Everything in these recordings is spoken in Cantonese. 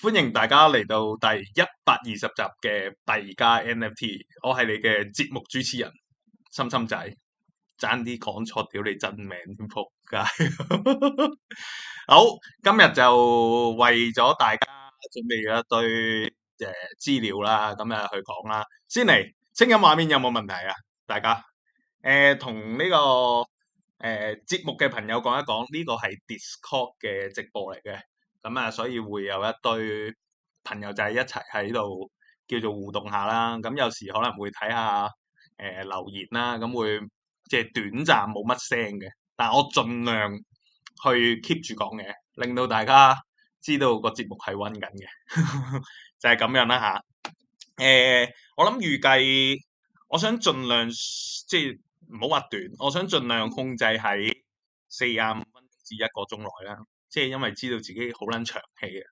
歡迎大家嚟到第、第一百二十集嘅幣加 NFT，我係你嘅節目主持人心心仔，爭啲講錯，屌你真名仆街！ 好，今日就為咗大家準備咗一堆誒資料啦，咁啊去講啦。先嚟，清音畫面有冇問題啊？大家誒，同、呃、呢、這個誒、呃、節目嘅朋友講一講，呢、這個係 Discord 嘅直播嚟嘅。咁啊、嗯，所以會有一堆朋友仔一齊喺度叫做互動下啦。咁有時可能會睇下誒、呃、留言啦，咁、嗯、會即係短暫冇乜聲嘅，但係我盡量去 keep 住講嘅，令到大家知道個節目係温緊嘅， 就係咁樣啦吓，誒、呃，我諗預計，我想盡量即係唔好話短，我想盡量控制喺四十五分至一個鐘內啦。即係因為知道自己好撚長氣啊，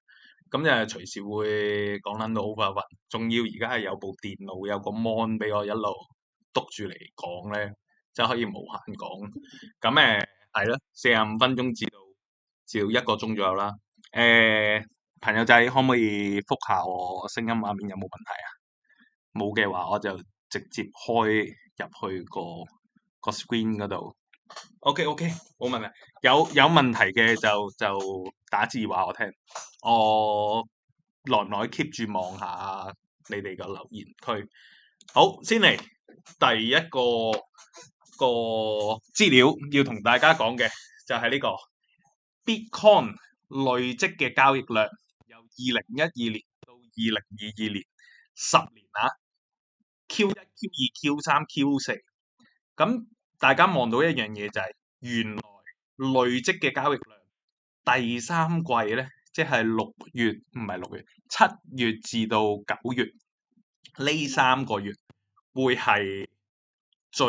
咁就隨時會講撚到好快。e 仲要而家係有部電腦有個 mon 俾我一路督住嚟講咧，就可以無限講。咁誒係咯，四十五分鐘至到至到一個鐘左右啦。誒、欸、朋友仔可唔可以復下我聲音畫面有冇問題啊？冇嘅話我就直接開入去、嗰個個 screen 嗰度。OK OK，冇問題。有有問題嘅就就打字話我聽，我耐耐 keep 住望下你哋嘅留言區。好，先嚟第一個個資料要同大家講嘅就係呢個 Bitcoin 累積嘅交易量由二零一二年到二零二二年十年啊，Q 一、Q 二、Q 三、Q 四，咁大家望到一樣嘢就係原來。累積嘅交易量，第三季咧，即係六月唔係六月，七月至到九月呢三個月會係最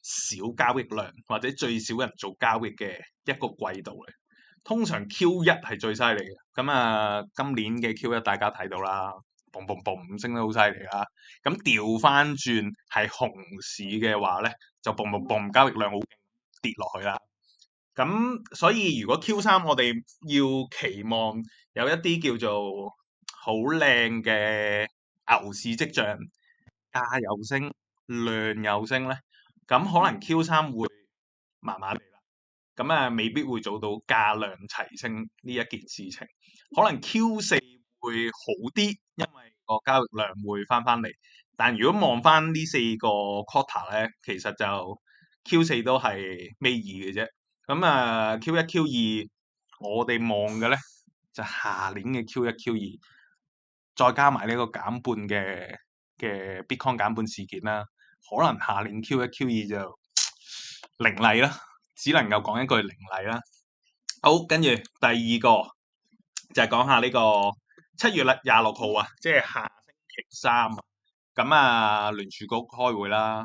少交易量或者最少人做交易嘅一個季度嚟。通常 Q 一係最犀利嘅，咁啊今年嘅 Q 一大家睇到啦嘣嘣嘣，嘣升得好犀利啦。咁調翻轉係熊市嘅話咧，就嘣嘣嘣交易量好勁跌落去啦。咁所以如果 Q 三我哋要期望有一啲叫做好靚嘅牛市迹象，價有升、量有升咧，咁可能 Q 三會麻麻地啦。咁啊，未必會做到價量齊升呢一件事情。可能 Q 四會好啲，因為個交易量會翻翻嚟。但如果望翻呢四個 quarter 咧，其實就 Q 四都係尾二嘅啫。咁啊，Q 一 Q 二，我哋望嘅咧，就下年嘅 Q 一 Q 二，再加埋呢個減半嘅嘅 Bitcoin 減半事件啦，可能下年 Q 一 Q 二就凌厲啦，只能夠講一句凌厲啦。好，跟住第二個就係講下呢個七月啦，廿六號啊，即係下星期三啊，咁啊聯儲局開會啦。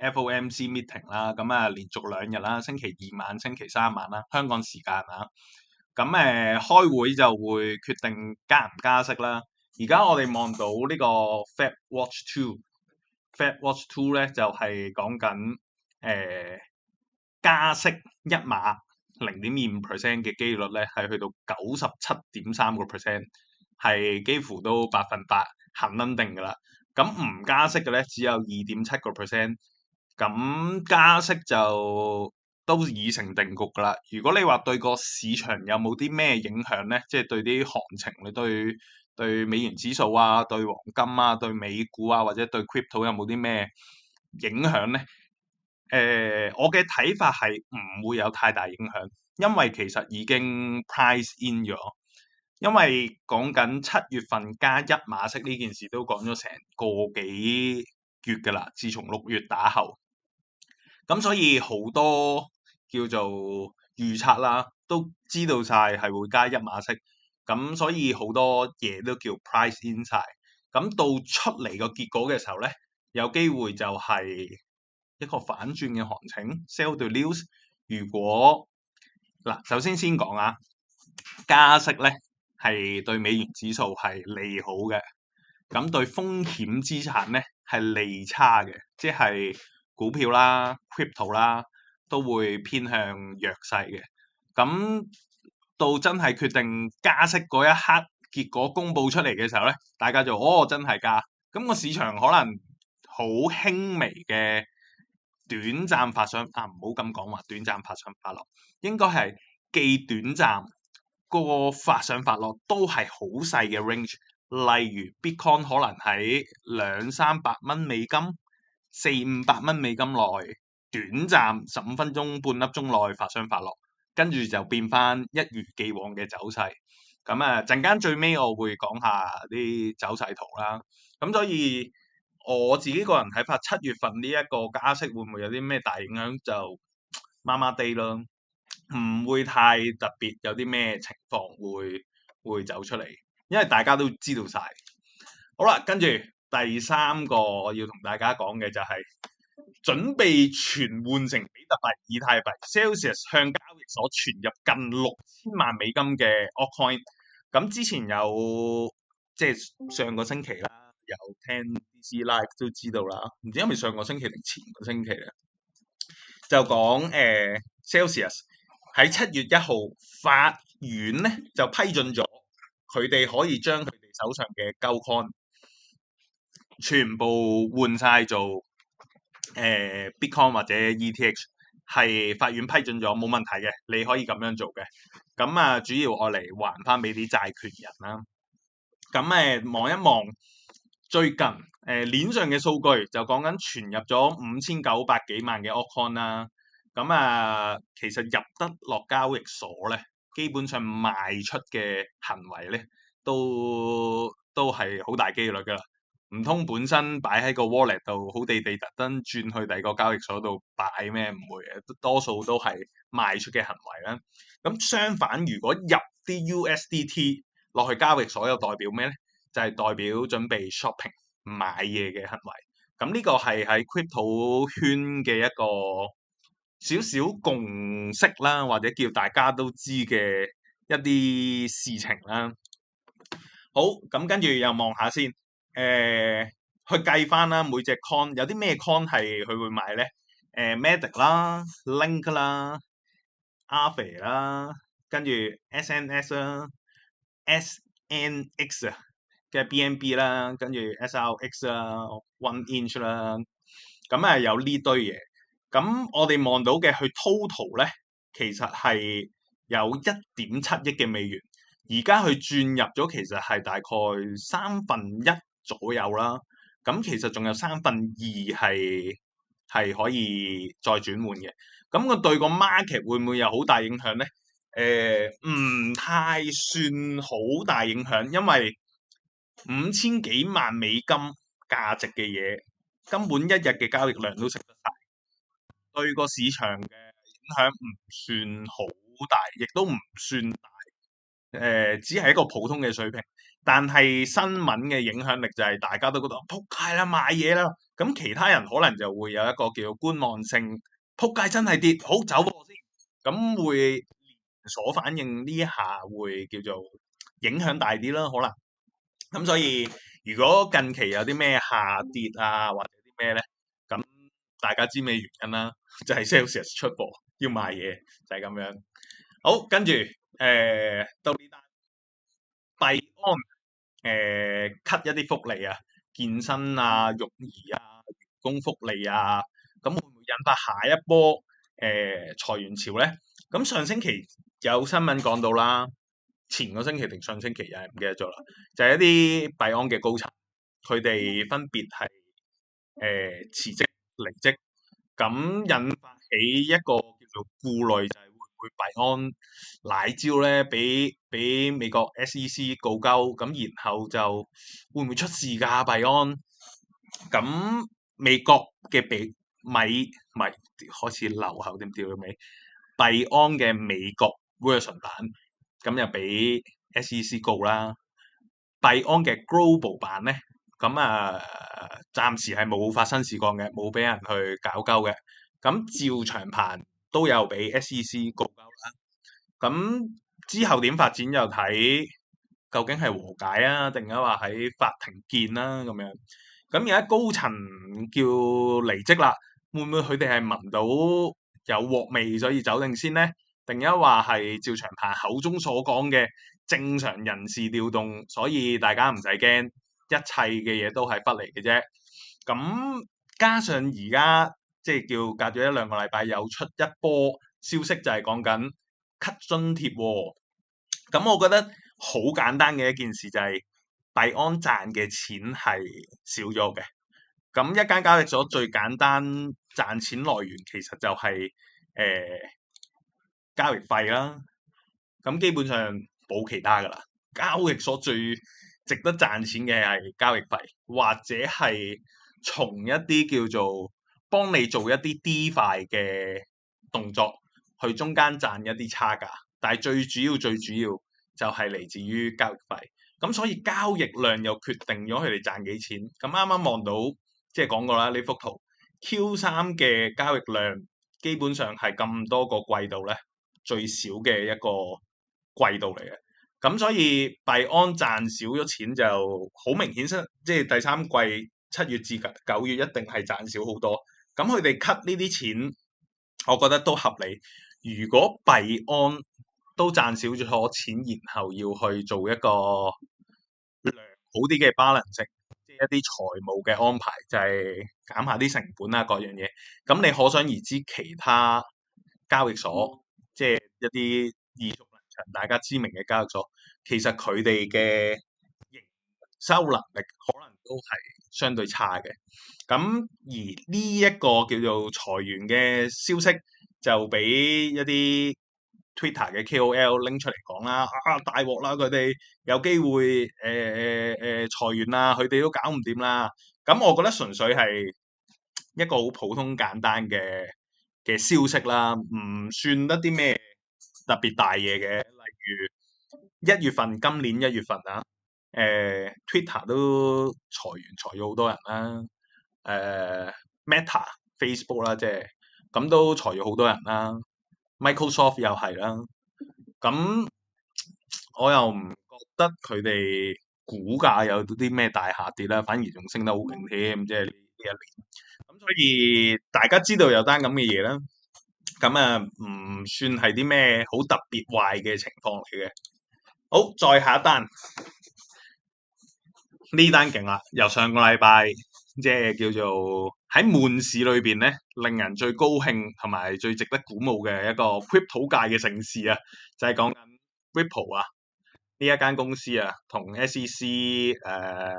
FOMC meeting 啦，咁啊，連續兩日啦，星期二晚、星期三晚啦，香港時間啊，咁、啊、誒開會就會決定加唔加息啦。而、啊、家我哋望到個 2, Fat 呢個 Fed Watch Tool，Fed Watch Tool 咧就係、是、講緊誒、啊、加息一碼零點二五 percent 嘅機率咧，係去到九十七點三個 percent，係幾乎都百分百恒肯定噶啦。咁唔加息嘅咧，只有二點七個 percent。咁加息就都已成定局㗎啦。如果你話對個市場有冇啲咩影響咧，即係對啲行情，你對對美元指數啊，對黃金啊，對美股啊，或者對 crypto 有冇啲咩影響咧？誒、呃，我嘅睇法係唔會有太大影響，因為其實已經 price in 咗。因為講緊七月份加一馬息呢件事都講咗成個幾月㗎啦，自從六月打後。咁所以好多叫做預測啦，都知道晒係會加一碼息，咁所以好多嘢都叫 price in 曬。咁到出嚟個結果嘅時候咧，有機會就係一個反轉嘅行情，sell the news。如果嗱，首先先講啊，加息咧係對美元指數係利好嘅，咁對風險資產咧係利差嘅，即係，股票啦、crypto 啦，都會偏向弱勢嘅。咁到真係決定加息嗰一刻，結果公佈出嚟嘅時候咧，大家就哦真係加，咁個市場可能好輕微嘅短暫發上啊，唔好咁講話短暫發上發落，應該係既短暫個發上發落都係好細嘅 range。例如 Bitcoin 可能喺兩三百蚊美金，四五百蚊美金內，短暫十五分鐘半粒鐘內發生發落，跟住就變翻一如既往嘅走勢。咁啊陣間最尾我會講下啲走勢圖啦。咁所以我自己個人睇法，七月份呢一個加息會唔會有啲咩大影響就麻麻地咯，唔會太特別有啲咩情況會會走出嚟，因為大家都知道晒。好啦，跟住。第三個我要同大家講嘅就係、是、準備全換成比特幣、以太幣。Celsius 向交易所存入近六千萬美金嘅 O Coin。咁之前有即係上個星期啦，有聽 DC Live 都知道啦，唔知係咪上個星期定前個星期咧，就講誒、呃、Celsius 喺七月一號法院咧就批准咗佢哋可以將佢哋手上嘅 Go Coin 全部換晒做誒、呃、Bitcoin 或者 ETH，係法院批准咗冇問題嘅，你可以咁樣做嘅。咁啊，主要我嚟還翻俾啲債權人啦。咁誒望一望最近誒鏈、呃、上嘅數據，就講緊存入咗五千九百幾萬嘅 Ocon 啦。咁啊、呃，其實入得落交易所咧，基本上賣出嘅行為咧，都都係好大機率噶啦。唔通本身擺喺個 wallet 度，好地地特登轉去第二個交易所度擺咩？唔會嘅，多數都係賣出嘅行為啦。咁相反，如果入啲 USDT 落去交易所，又代表咩咧？就係代表準備 shopping 買嘢嘅行為。咁呢個係喺 crypto 圈嘅一個少少共識啦，或者叫大家都知嘅一啲事情啦。好，咁跟住又望下先。誒、呃，去計翻、呃、啦，每隻 con 有啲咩 con 係佢會買咧？誒 MATIC 啦，Link 啦，R 肥啦，跟住 SNS 啦 s SN n x 啊嘅 BNB 啦，跟住 SLX 啊，One Inch 啦，咁啊有堆、嗯、呢堆嘢。咁我哋望到嘅去 total 咧，其實係有一點七億嘅美元。而家佢轉入咗，其實係大概三分一。左右啦，咁其實仲有三分二係係可以再轉換嘅，咁個對個 market 會唔會有好大影響咧？誒、欸，唔太算好大影響，因為五千幾萬美金價值嘅嘢，根本一日嘅交易量都食得晒。對個市場嘅影響唔算好大，亦都唔算大。誒、呃，只係一個普通嘅水平，但係新聞嘅影響力就係大家都覺得扑街啦，賣嘢啦，咁其他人可能就會有一個叫做觀望性，扑街真係跌，好走先，咁會連鎖反應呢下會叫做影響大啲啦，可能，咁所以如果近期有啲咩下跌啊或者啲咩咧，咁大家知咩原因啦、啊？就係、是、Celsius 出貨要賣嘢，就係、是、咁樣，好，跟住。誒、呃，到呢單幣安誒，cut、呃、一啲福利啊，健身啊、育兒啊、員工福利啊，咁、嗯、會唔會引發下一波誒裁員潮咧？咁、嗯、上星期有新聞講到啦，前個星期定上星期又唔記得咗啦，就係、是、一啲幣安嘅高層，佢哋分別係誒、呃、辭職離職，咁、嗯、引發起一個叫做顧慮就是會幣安奶蕉咧，俾俾美國 SEC 告鳩，咁然後就會唔會出事㗎、啊、幣安？咁美國嘅幣米咪開始流口點掉嘅尾，幣安嘅美國 version 版咁又俾 SEC 告啦。幣安嘅 global 版咧，咁啊暫時係冇發生事況嘅，冇俾人去搞鳩嘅，咁趙長鵬。都有俾 SEC 告交啦，咁之後點發展又睇究竟係和解啊，定一話喺法庭見啦、啊、咁樣。咁而家高層叫離職啦，會唔會佢哋係聞到有鑊味所以走定先呢？定一話係趙長鵬口中所講嘅正常人事調動，所以大家唔使驚，一切嘅嘢都係不嚟嘅啫。咁加上而家。即係叫隔咗一兩個禮拜又出一波消息就，就係講緊 cut 津貼喎、哦。咁我覺得好簡單嘅一件事就係、是、幣安賺嘅錢係少咗嘅。咁一間交易所最簡單賺錢來源其實就係、是、誒、呃、交易費啦。咁基本上冇其他噶啦。交易所最值得賺錢嘅係交易費，或者係從一啲叫做幫你做一啲 D 快嘅動作，去中間賺一啲差價。但係最主要最主要就係嚟自於交易費，咁所以交易量又決定咗佢哋賺幾錢。咁啱啱望到即係講過啦，呢幅圖 Q 三嘅交易量基本上係咁多個季度咧最少嘅一個季度嚟嘅。咁所以幣安賺少咗錢就好明顯，即係第三季七月至九月一定係賺少好多。咁佢哋 cut 呢啲錢我覺得都合理。如果幣安都賺少咗錢，然後要去做一個良好啲嘅 balance，即係一啲財務嘅安排，就係、是、減下啲成本啊，各樣嘢。咁你可想而知，其他交易所，即係一啲耳熟能詳、大家知名嘅交易所，其實佢哋嘅營收能力可能。都係相對差嘅，咁而呢一個叫做裁員嘅消息就俾一啲 Twitter 嘅 KOL 拎出嚟講啦，啊大鑊啦！佢哋有機會誒誒誒裁員啦，佢哋都搞唔掂啦。咁我覺得純粹係一個好普通簡單嘅嘅消息啦，唔算得啲咩特別大嘢嘅，例如一月份今年一月份啊。誒、呃、Twitter 都裁員裁咗好多人啦，誒、呃、Meta、Meta, Facebook 啦，即係咁都裁咗好多人啦。Microsoft 又係啦，咁我又唔覺得佢哋股價有啲咩大下跌啦，反而仲升得好勁添，即係呢一年咁。所以大家知道有單咁嘅嘢啦，咁啊唔算係啲咩好特別壞嘅情況嚟嘅。好，再下一單。呢單勁啦，由上個禮拜即係叫做喺門市裏邊咧，令人最高興同埋最值得鼓舞嘅一個 Crypto 界嘅盛事啊，就係、是、講緊 Ripple 啊呢一間公司啊，同 SEC 誒、呃、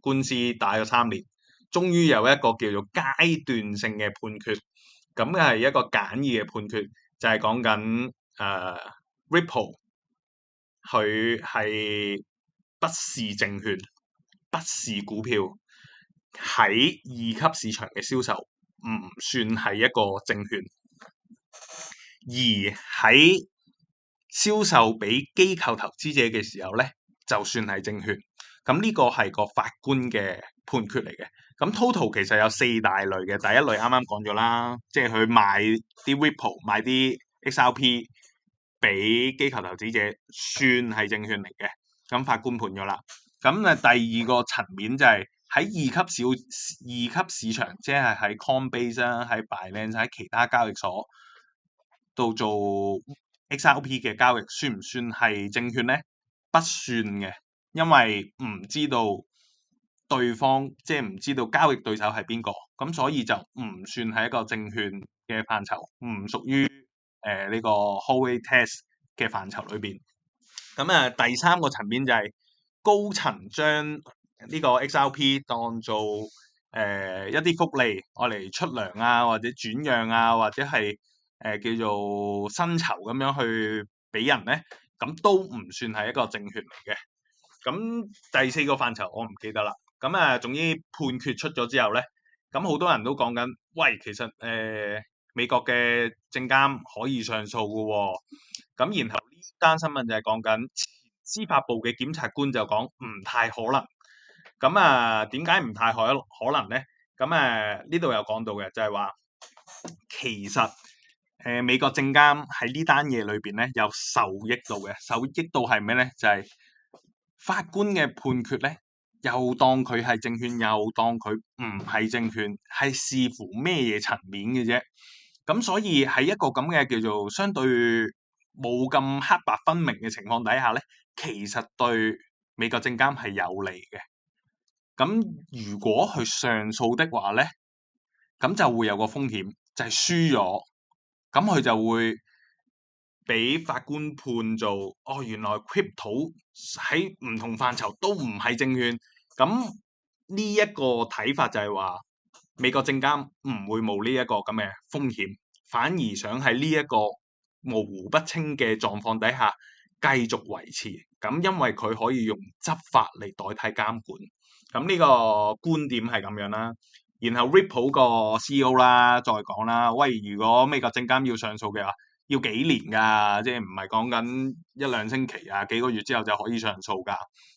官司打咗三年，終於有一個叫做階段性嘅判決，咁係一個簡易嘅判決，就係、是、講緊誒、呃、Ripple 佢係不是證券。不是股票，喺二級市場嘅銷售唔算係一個證券，而喺銷售俾機構投資者嘅時候咧，就算係證券。咁、這、呢個係個法官嘅判決嚟嘅。咁 total 其實有四大類嘅，第一類啱啱講咗啦，即係去賣啲 Ripple 賣啲 XRP 俾機構投資者，算係證券嚟嘅。咁法官判咗啦。咁啊，第二個層面就係喺二級小二級市場，即係喺 Coinbase 啦，喺 Binance 喺其他交易所度做 XRP 嘅交易，算唔算係證券咧？不算嘅，因為唔知道對方，即係唔知道交易對手係邊個，咁所以就唔算係一個證券嘅範疇，唔屬於誒呢個 Howey Test 嘅範疇裏邊。咁啊，第三個層面就係，高層將呢個 XRP 當做誒、呃、一啲福利，我嚟出糧啊，或者轉讓啊，或者係誒、呃、叫做薪酬咁樣去俾人咧，咁都唔算係一個證券嚟嘅。咁、嗯、第四個範疇我唔記得啦。咁、嗯、啊，總之判決出咗之後咧，咁、嗯、好多人都講緊，喂，其實誒、呃、美國嘅證監可以上訴嘅喎、哦。咁、嗯、然後呢單新聞就係講緊。司法部嘅檢察官就講唔太可能咁啊？點解唔太可可能咧？咁誒呢度有講到嘅就係、是、話，其實誒、呃、美國證監喺呢單嘢裏邊咧有受益到嘅，受益到係咩咧？就係、是、法官嘅判決咧，又當佢係證券，又當佢唔係證券，係視乎咩嘢層面嘅啫。咁所以喺一個咁嘅叫做相對。冇咁黑白分明嘅情況底下咧，其實對美國證監係有利嘅。咁如果佢上訴的話咧，咁就會有個風險，就係輸咗。咁佢就會俾法官判做哦，原來 Crypto 喺唔同範疇都唔係證券。咁呢一個睇法就係話，美國證監唔會冇呢一個咁嘅風險，反而想喺呢一個。模糊不清嘅狀況底下繼續維持，咁因為佢可以用執法嚟代替監管，咁呢個觀點係咁樣啦。然後 Ripple 個 CEO 啦再講啦，喂，如果美國證監要上訴嘅話，要幾年㗎？即係唔係講緊一兩星期啊？幾個月之後就可以上訴㗎？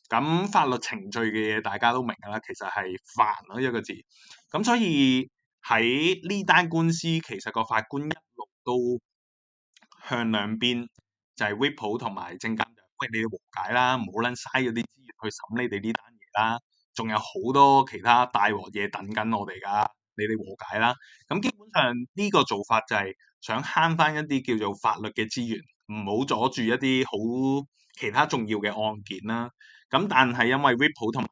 咁法律程序嘅嘢大家都明㗎啦，其實係煩咯一個字。咁所以喺呢單官司，其實個法官一路都～向兩邊就係 Ripple 同埋證監局，喂，你哋和解啦，唔好撚嘥咗啲資源去審你哋呢單嘢啦，仲有好多其他大鑊嘢等緊我哋噶，你哋和解啦。咁基本上呢個做法就係想慳翻一啲叫做法律嘅資源，唔好阻住一啲好其他重要嘅案件啦。咁但係因為 Ripple 同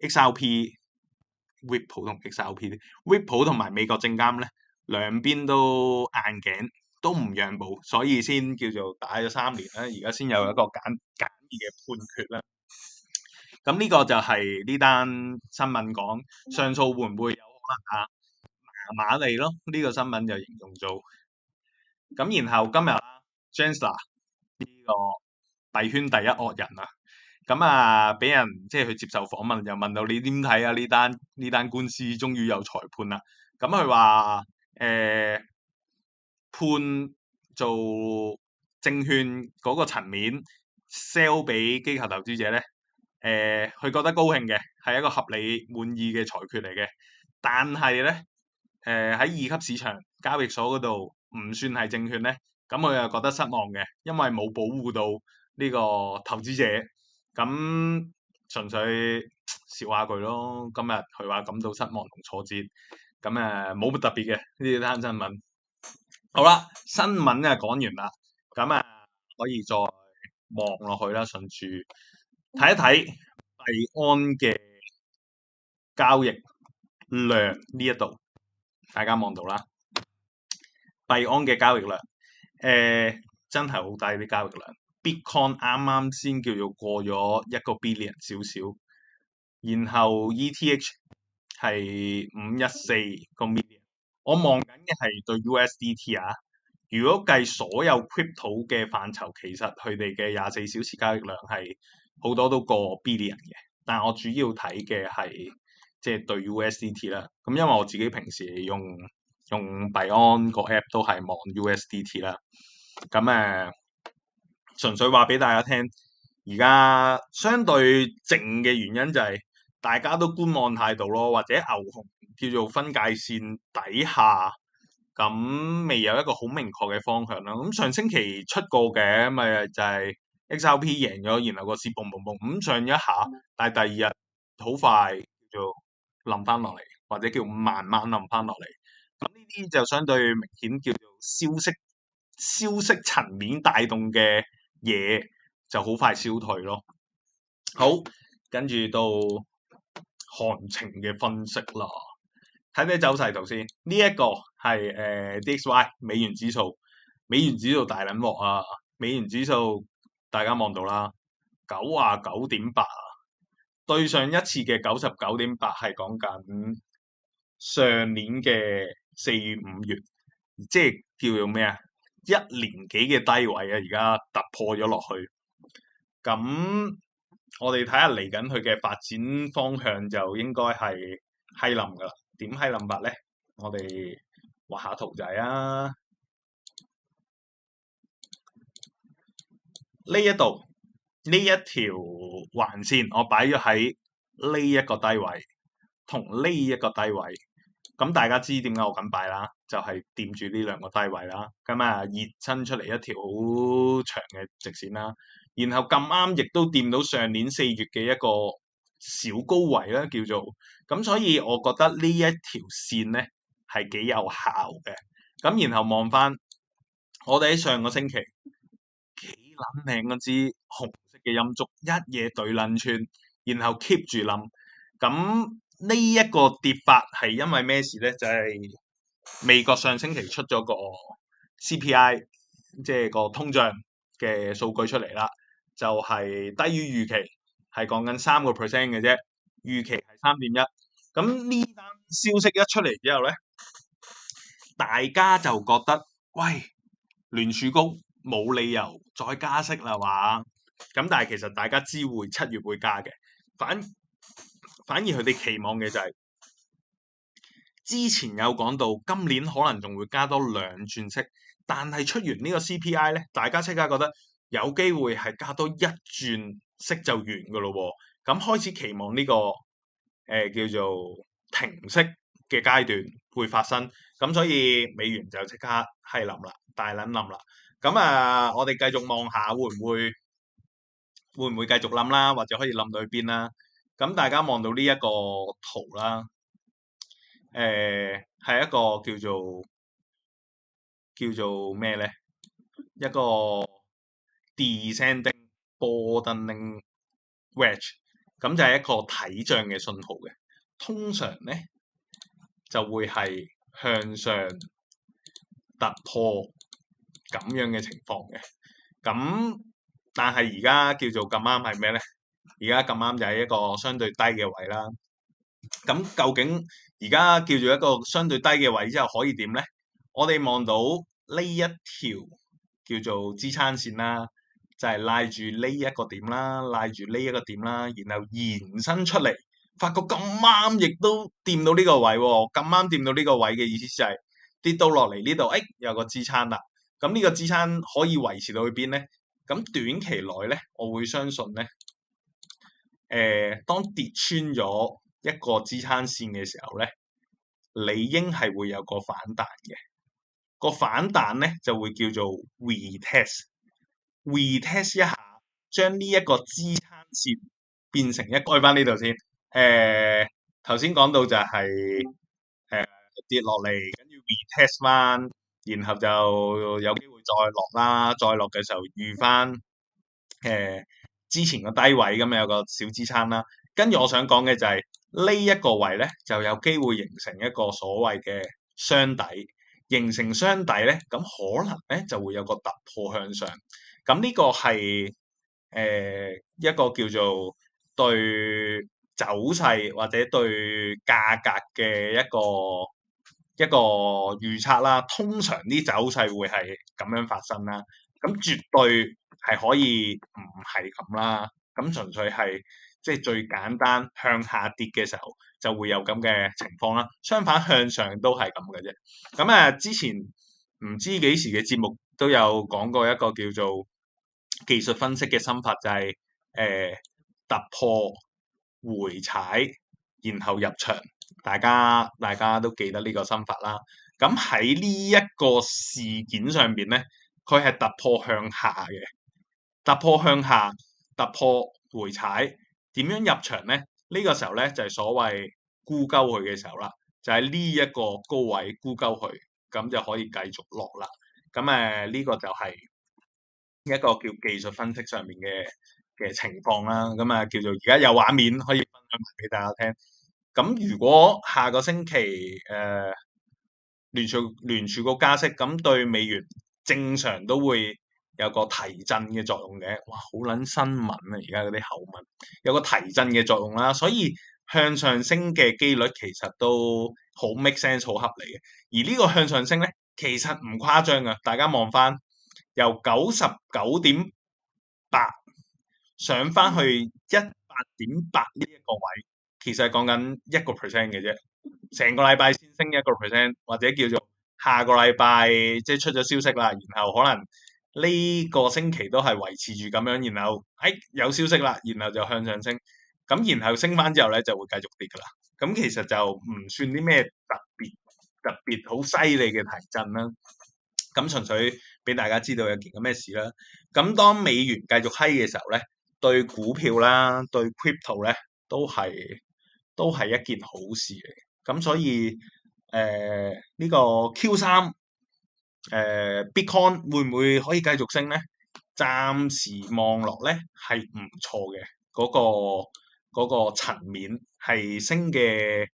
XLP，Ripple 同 XLP，Ripple 同埋美國證監咧兩邊都硬頸。都唔讓步，所以先叫做打咗三年咧，而家先有一個簡簡易嘅判決啦。咁呢個就係呢單新聞講上訴會唔會有可能啊麻麻利咯？呢、呢個新聞就形容做咁。然後今日 Gensler 呢個幣圈第一惡人啊，咁啊俾人即係、就是、去接受訪問，又問到你點睇啊？呢單呢單官司終於有裁判啦。咁佢話誒。欸判做證券嗰個層面 sell 俾機構投資者咧，誒、呃、佢覺得高興嘅，係一個合理滿意嘅裁決嚟嘅。但係咧，誒、呃、喺二級市場交易所嗰度唔算係證券咧，咁佢又覺得失望嘅，因為冇保護到呢個投資者。咁純粹笑下佢咯，今日佢話感到失望同挫折。咁誒冇乜特別嘅呢啲單新聞。好啦，新聞啊講完啦，咁啊可以再望落去啦，順住睇一睇幣安嘅交易量呢一度，大家望到啦，幣安嘅交易量，誒真係好低啲交易量，呃、交易量，Bitcoin 啱啱先叫做過咗一個 billion 少少，然後 ETH 係五一四個 million。我望緊嘅係對 USDT 啊，如果計所有 crypto 嘅範疇，其實佢哋嘅廿四小時交易量係好多都過 billion 嘅，但係我主要睇嘅係即係對 USDT 啦、啊。咁因為我自己平時用用幣安個 app 都係望 USDT 啦、啊。咁誒，純粹話俾大家聽，而家相對靜嘅原因就係、是。大家都觀望態度咯，或者牛熊叫做分界線底下，咁未有一個好明確嘅方向啦。咁、嗯、上星期出過嘅，咪就係 XRP 贏咗，然後個市嘣嘣嘣嗯上一下，但係第二日好快叫做冧翻落嚟，或者叫慢慢冧翻落嚟。咁呢啲就相對明顯叫做消息消息層面帶動嘅嘢，就好快消退咯。好，跟住到。行情嘅分析啦，睇咩走勢頭先。呢、這、一個係誒、呃、DXY 美元指數，美元指數大捻喎啊！美元指數大家望到啦，九啊九點八啊，對上一次嘅九十九點八係講緊上年嘅四月五月，即係叫做咩啊？一年幾嘅低位啊，而家突破咗落去，咁。我哋睇下嚟緊佢嘅發展方向就應該係閪冧噶啦，點閪冧法咧？我哋畫下圖仔啊！呢一度呢一條橫線，我擺咗喺呢一個低位同呢一個低位，咁大家知點解我咁擺啦？就係掂住呢兩個低位啦，咁啊，延伸出嚟一條好長嘅直線啦。然後咁啱亦都掂到上年四月嘅一個小高位咧，叫做咁，所以我覺得一條呢一條線咧係幾有效嘅。咁然後望翻我哋喺上個星期幾撚命嗰支紅色嘅陰燭一夜對撚串，然後 keep 住撚咁呢一個跌法係因為咩事咧？就係、是、美國上星期出咗個 CPI，即係個通脹嘅數據出嚟啦。就係低於預期，係降緊三個 percent 嘅啫。預期係三點一，咁呢單消息一出嚟之後咧，大家就覺得喂，聯儲局冇理由再加息啦，哇！咁但係其實大家知會七月會加嘅，反反而佢哋期望嘅就係、是、之前有講到今年可能仲會加多兩轉息，但係出完個呢個 CPI 咧，大家即刻覺得。有機會係加多一轉息就完嘅咯喎，咁開始期望呢、這個誒、呃、叫做停息嘅階段會發生，咁所以美元就即刻係冧啦，大捻冧啦。咁啊，我哋繼續望下會唔會會唔會繼續冧啦，或者可以冧到去邊啦？咁大家望到呢一個圖啦，誒、呃、係一個叫做叫做咩咧一個。Descending bordering wedge，咁就係一個睇漲嘅信號嘅，通常咧就會係向上突破咁樣嘅情況嘅。咁但係而家叫做咁啱係咩咧？而家咁啱就係一個相對低嘅位啦。咁究竟而家叫做一個相對低嘅位之後可以點咧？我哋望到呢一條叫做支撐線啦。就係拉住呢一個點啦，拉住呢一個點啦，然後延伸出嚟，發覺咁啱亦都掂到呢個位喎、哦，咁啱掂到呢個位嘅意思就係跌到落嚟呢度，哎，有個支撐啦。咁呢個支撐可以維持到去邊咧？咁短期內咧，我會相信咧，誒、呃，當跌穿咗一個支撐線嘅時候咧，理應係會有個反彈嘅。個反彈咧就會叫做 retest retest 一下，將呢一個支撐線變成一改翻呢度先。誒、呃，頭先講到就係、是、誒、呃、跌落嚟，跟住 retest 翻，然後就有機會再落啦。再落嘅時候遇翻，誒之前個低位，咁有個小支撐啦。跟住我想講嘅就係呢一個位咧，就有機會形成一個所謂嘅雙底。形成雙底咧，咁可能咧就會有個突破向上。咁呢個係誒、呃、一個叫做對走勢或者對價格嘅一個一個預測啦。通常啲走勢會係咁樣發生啦。咁、嗯、絕對係可以唔係咁啦。咁、嗯、純粹係即係最簡單向下跌嘅時候就會有咁嘅情況啦。相反向上都係咁嘅啫。咁、嗯、啊，之前唔知幾時嘅節目都有講過一個叫做技術分析嘅心法就係誒突破回踩，然後入場。大家大家都記得呢個心法啦。咁喺呢一個事件上邊咧，佢係突破向下嘅，突破向下，突破回踩。點樣入場咧？呢個時候咧就係所謂沽鳩佢嘅時候啦，就喺呢一個高位沽鳩佢，咁就可以繼續落啦。咁誒呢個就係。一個叫技術分析上面嘅嘅情況啦，咁、嗯、啊叫做而家有畫面可以分享埋俾大家聽。咁、嗯、如果下個星期誒、呃、聯儲聯儲局加息，咁對美元正常都會有個提振嘅作用嘅。哇，好捻新聞啊！而家嗰啲口吻有個提振嘅作用啦，所以向上升嘅幾率其實都好 make sense，好合理嘅。而呢個向上升咧，其實唔誇張噶，大家望翻。由九十九點八上翻去一百點八呢一個位，其實係講緊一個 percent 嘅啫。成個禮拜先升一個 percent，或者叫做下個禮拜即係出咗消息啦，然後可能呢個星期都係維持住咁樣，然後喺、哎、有消息啦，然後就向上升。咁然後升翻之後咧就會繼續跌㗎啦。咁其實就唔算啲咩特別特別好犀利嘅提振啦。咁純粹。俾大家知道有件咁咩事啦。咁當美元繼續閪嘅時候咧，對股票啦，對 crypto 咧，都係都係一件好事嚟。咁所以誒呢、呃這個 Q 三誒、呃、Bitcoin 會唔會可以繼續升咧？暫時望落咧係唔錯嘅，嗰、嗰個嗰層、嗰個、面係升嘅，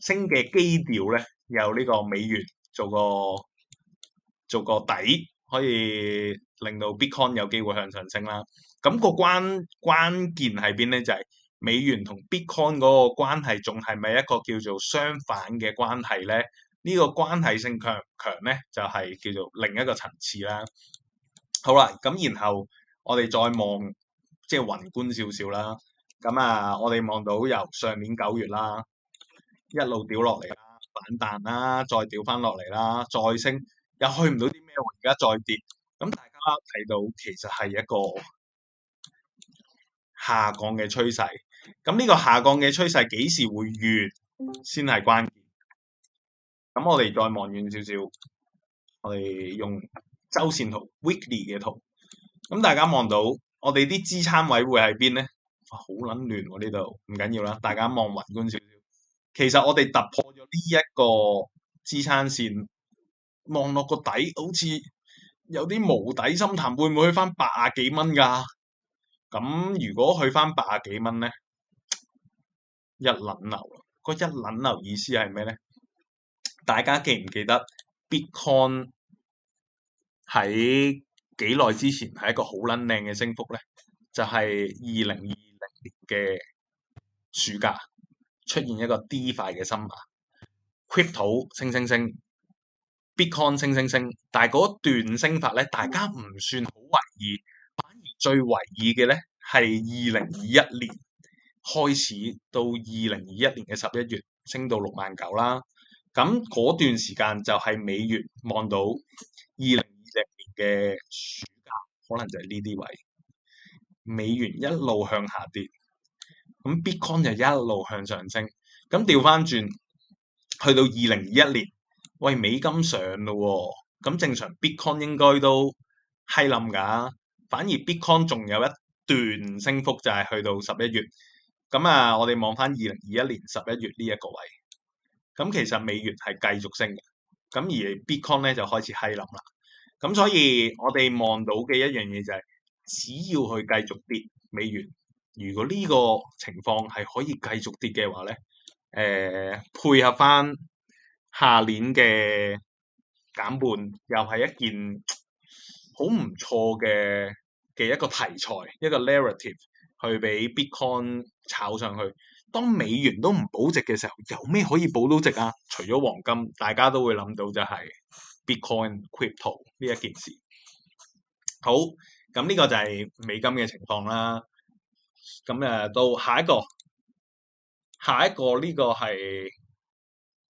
升嘅基調咧有呢個美元做個做個底。可以令到 Bitcoin 有機會向上升啦。咁、那個關關鍵係邊咧？就係、是、美元同 Bitcoin 嗰個關係，仲係咪一個叫做相反嘅關係咧？呢、這個關係性強強咧，就係、是、叫做另一個層次啦。好啦，咁然後我哋再望即係宏觀少少啦。咁啊，我哋望到由上年九月啦，一路掉落嚟啦，反彈啦，再掉翻落嚟啦，再升。又去唔到啲咩？而家再跌，咁大家睇到其實係一個下降嘅趨勢。咁呢個下降嘅趨勢幾時會越先係關鍵？咁我哋再望遠少少，我哋用周線圖 weekly 嘅圖。咁大家望到我哋啲支撐位會喺邊咧？哇，好撚亂喎！呢度唔緊要啦，大家望宏觀少少。其實我哋突破咗呢一個支撐線。望落個底，好似有啲無底深潭，會唔會去翻百啊幾蚊噶？咁如果去翻百啊幾蚊咧，一輪流，嗰一輪流意思係咩咧？大家記唔記得 Bitcoin 喺幾耐之前係一個好捻靚嘅升幅咧？就係二零二零年嘅暑假出現一個 DeFi 嘅 Summer，Crypto 升升升。Bitcoin 升升升，但係嗰段升法咧，大家唔算好懷疑，反而最懷疑嘅咧係二零二一年開始到二零二一年嘅十一月升到六萬九啦。咁嗰段時間就係美元望到二零二零年嘅暑假，可能就係呢啲位。美元一路向下跌，咁 Bitcoin 就一路向上升。咁調翻轉，去到二零二一年。喂，美金上咯喎、哦，咁正常 Bitcoin 應該都係冧㗎，反而 Bitcoin 仲有一段升幅，就係、是、去到十一月。咁啊，我哋望翻二零二一年十一月呢一個位，咁其實美元係繼續升，咁而 Bitcoin 咧就開始係冧啦。咁所以我哋望到嘅一樣嘢就係，只要去繼續跌美元，如果呢個情況係可以繼續跌嘅話咧，誒、呃、配合翻。下年嘅減半又係一件好唔錯嘅嘅一個題材，一個 narrative 去俾 Bitcoin 炒上去。當美元都唔保值嘅時候，有咩可以保到值啊？除咗黃金，大家都會諗到就係 Bitcoin Crypto 呢一件事。好，咁呢個就係美金嘅情況啦。咁誒，到下一個，下一個呢個係。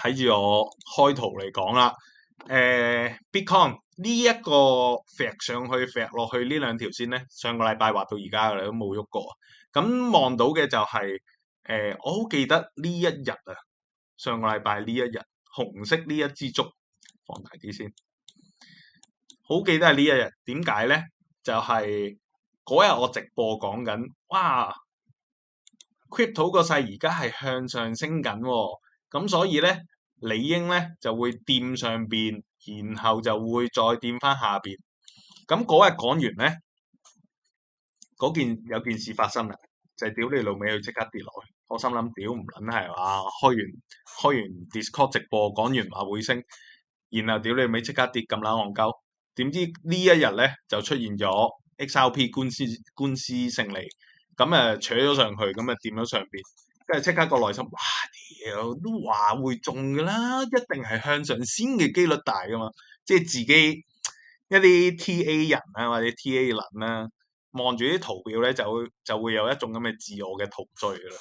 睇住我開圖嚟講啦，誒、呃、Bitcoin 呢一個劈上去、劈落去兩條呢兩條線咧，上個禮拜畫到而家你都冇喐過。咁望到嘅就係、是、誒、呃，我好記得呢一日啊，上個禮拜呢一日紅色呢一支竹放大啲先，好記得係呢一日。點解咧？就係嗰日我直播講緊，哇，Crypto 個勢而家係向上升緊喎、哦。咁所以咧，理應咧就會掂上邊，然後就會再掂翻下邊。咁嗰日講完咧，嗰件有件事發生啦，就係、是、屌你老味，佢即刻跌落去。我心諗，屌唔撚係嘛？開完開完 Discord 直播講完話會升，然後屌你老味即刻跌，咁撚戇鳩。點知一呢一日咧就出現咗 XRP 官司官司勝利，咁誒扯咗上去，咁誒掂咗上邊。即係即刻個內心，哇！屌都話會中噶啦，一定係向上先嘅幾率大噶嘛。即係自己一啲 T A 人啦、啊，或者 T A 能啦、啊，望住啲圖表咧，就會就會有一種咁嘅自我嘅陶醉噶啦。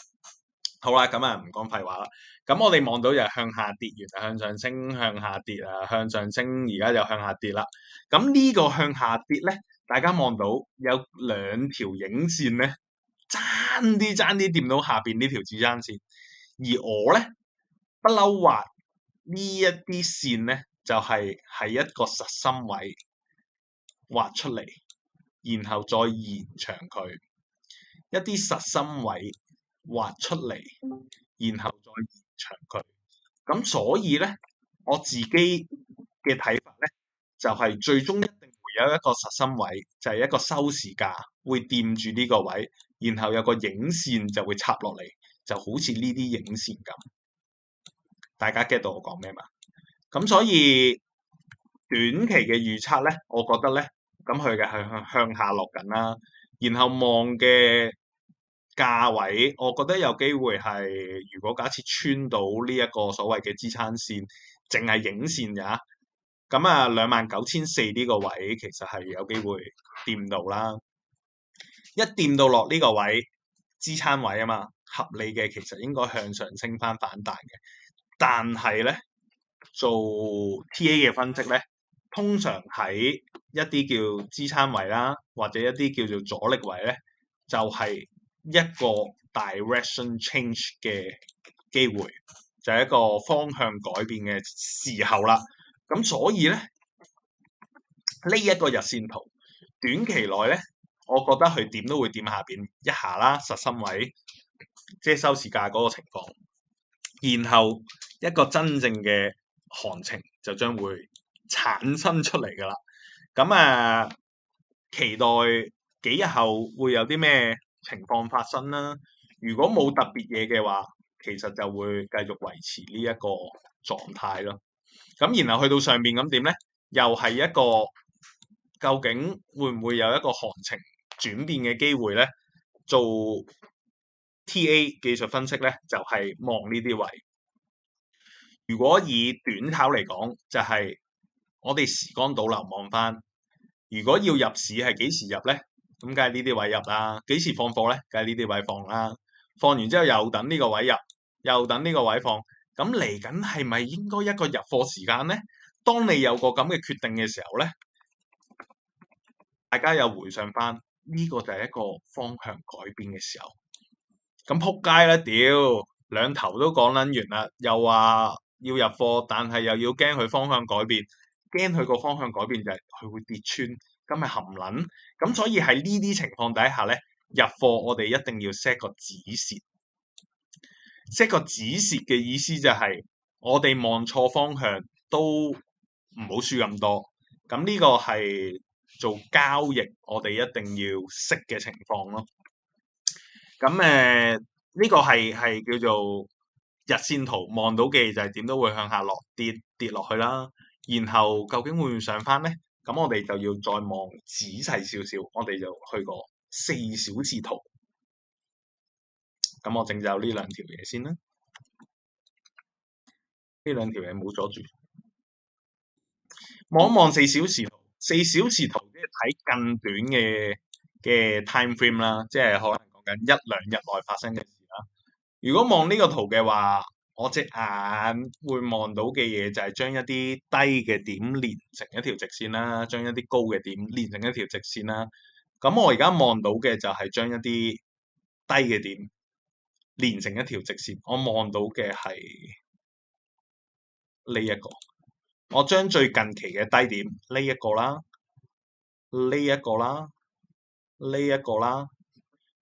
好啦，咁啊唔講廢話啦。咁我哋望到就向，向向向就向下跌完，向上升向下跌啊，向上升而家就向下跌啦。咁呢個向下跌咧，大家望到有兩條影線咧。爭啲爭啲掂到下邊呢條支撐線，而我咧不嬲畫呢一啲線咧，就係、是、喺一個實心位畫出嚟，然後再延長佢一啲實心位畫出嚟，然後再延長佢。咁所以咧，我自己嘅睇法咧，就係、是、最終一定會有一個實心位，就係、是、一個收市價會掂住呢個位。然後有個影線就會插落嚟，就好似呢啲影線咁。大家 get 到我講咩嘛？咁所以短期嘅預測咧，我覺得咧，咁佢嘅係向向下落緊啦。然後望嘅價位，我覺得有機會係，如果假設穿到呢一個所謂嘅支撐線，淨係影線咋，咁啊兩萬九千四呢個位其實係有機會掂到啦。一掂到落呢個位，支撐位啊嘛，合理嘅其實應該向上升翻反彈嘅。但係咧做 TA 嘅分析咧，通常喺一啲叫支撐位啦，或者一啲叫做阻力位咧，就係一個 direction change 嘅機會，就係一個方向改變嘅時候啦。咁所以咧呢一個日線圖短期內咧。我覺得佢點都會掂下邊一下啦，實心位即係收市價嗰個情況，然後一個真正嘅行情就將會產生出嚟噶啦。咁啊，期待幾日後會有啲咩情況發生啦。如果冇特別嘢嘅話，其實就會繼續維持呢一個狀態咯。咁然後去到上邊咁點咧，又係一個究竟會唔會有一個行情轉變嘅機會咧，做 TA 技術分析咧，就係望呢啲位。如果以短炒嚟講，就係我哋時光倒流望翻。如果要入市係幾時入咧？咁梗係呢啲位入啦。幾時放貨咧？梗係呢啲位放啦。放完之後又等呢個位入，又等呢個位放。咁嚟緊係咪應該一個入貨時間咧？當你有個咁嘅決定嘅時候咧，大家又回想翻。呢個就係一個方向改變嘅時候，咁仆街啦屌！兩頭都講撚完啦，又話要入貨，但係又要驚佢方向改變，驚佢個方向改變就係佢會跌穿，咁咪含撚，咁所以喺呢啲情況底下咧，入貨我哋一定要 set 個止蝕，set 個止蝕嘅意思就係我哋望錯方向都唔好輸咁多，咁呢個係。做交易，我哋一定要識嘅情況咯。咁誒，呢、呃這個係係叫做日線圖望到嘅就係點都會向下落跌跌落去啦。然後究竟會唔會上返咧？咁我哋就要再望仔細少少。我哋就去個四,四小時圖。咁我整就呢兩條嘢先啦。呢兩條嘢冇阻住，望一望四小時。四小時圖即係睇更短嘅嘅 time frame 啦，即係可能講緊一兩日內發生嘅事啦。如果望呢個圖嘅話，我隻眼會望到嘅嘢就係將一啲低嘅點連成一條直線啦，將一啲高嘅點連成一條直線啦。咁我而家望到嘅就係將一啲低嘅點連成一條直，直線，我望到嘅係呢一個。我將最近期嘅低點，呢一個啦，呢一個啦，呢一個啦，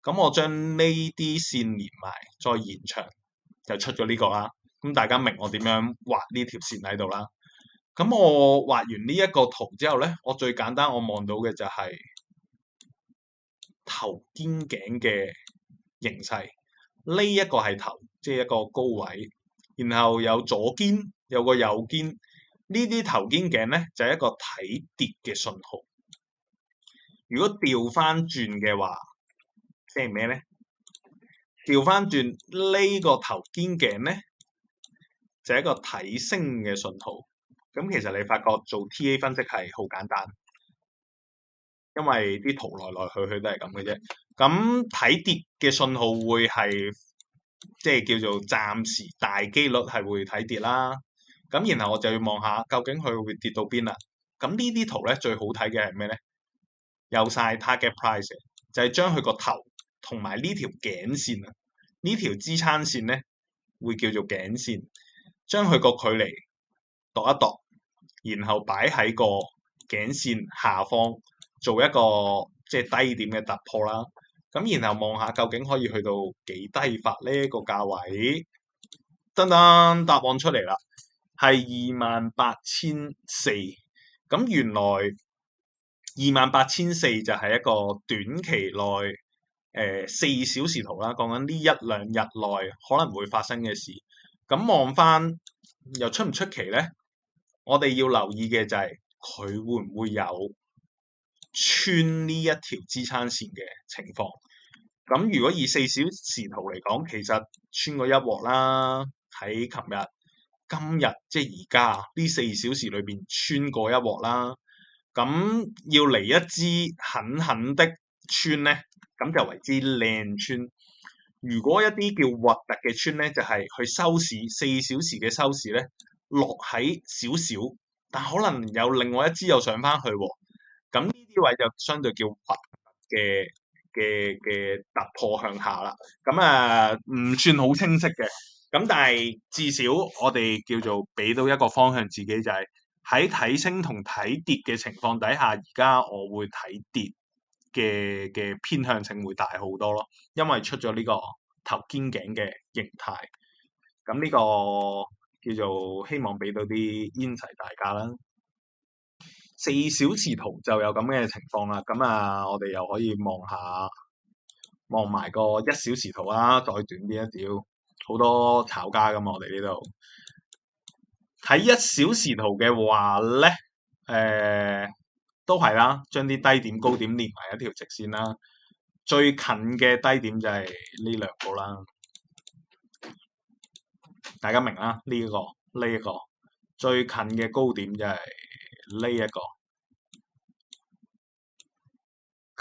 咁我將呢啲線連埋，再延長就出咗呢個啦。咁大家明我點樣畫呢條線喺度啦？咁我畫完呢一個圖之後咧，我最簡單，我望到嘅就係頭肩頸嘅形勢。呢一個係頭，即係一個高位，然後有左肩，有個右肩。呢啲頭肩頸咧就係一個睇跌嘅信號。如果調翻轉嘅話，即係咩咧？調翻轉呢個頭肩頸咧，就係一個睇升嘅信號。咁其實你發覺做 TA 分析係好簡單，因為啲圖來來去去都係咁嘅啫。咁睇跌嘅信號會係即係叫做暫時大機率係會睇跌啦。咁然後我就要望下究竟佢會跌到邊啦。咁呢啲圖咧最好睇嘅係咩咧？有晒 target price，就係將佢個頭同埋呢條頸線啊，呢條支撐線咧會叫做頸線，將佢個距離度一度，度，然後擺喺個頸線下方做一個即係、就是、低點嘅突破啦。咁然後望下究竟可以去到幾低發呢、這個價位？噔噔，答案出嚟啦！係二萬八千四，咁原來二萬八千四就係一個短期內，誒、呃、四小時圖啦，講緊呢一兩日內可能會發生嘅事。咁望翻又出唔出奇咧？我哋要留意嘅就係、是、佢會唔會有穿呢一條支撐線嘅情況。咁如果以四小時圖嚟講，其實穿過一鑊啦，喺琴日。今日即係而家呢四小時裏邊穿過一鑊啦，咁要嚟一支狠狠的穿咧，咁就為之靚穿。如果一啲叫核突嘅穿咧，就係、是、去收市四小時嘅收市咧落喺少少，但可能有另外一支又上翻去喎、哦。咁呢啲位就相對叫核突嘅嘅嘅突破向下啦。咁啊，唔算好清晰嘅。咁但係至少我哋叫做俾到一個方向，自己就係喺睇升同睇跌嘅情況底下，而家我會睇跌嘅嘅偏向性會大好多咯。因為出咗呢個頭肩頸嘅形態，咁呢個叫做希望俾到啲 insight 大家啦。四小時圖就有咁嘅情況啦。咁啊，我哋又可以望下望埋個一小時圖啦，再短啲一啲。好多炒家噶，我哋呢度睇一小時圖嘅話咧，誒、呃、都係啦，將啲低點高點連埋一條直線啦。最近嘅低點就係呢兩個啦，大家明啦。呢一個、呢一個最近嘅高點就係呢一個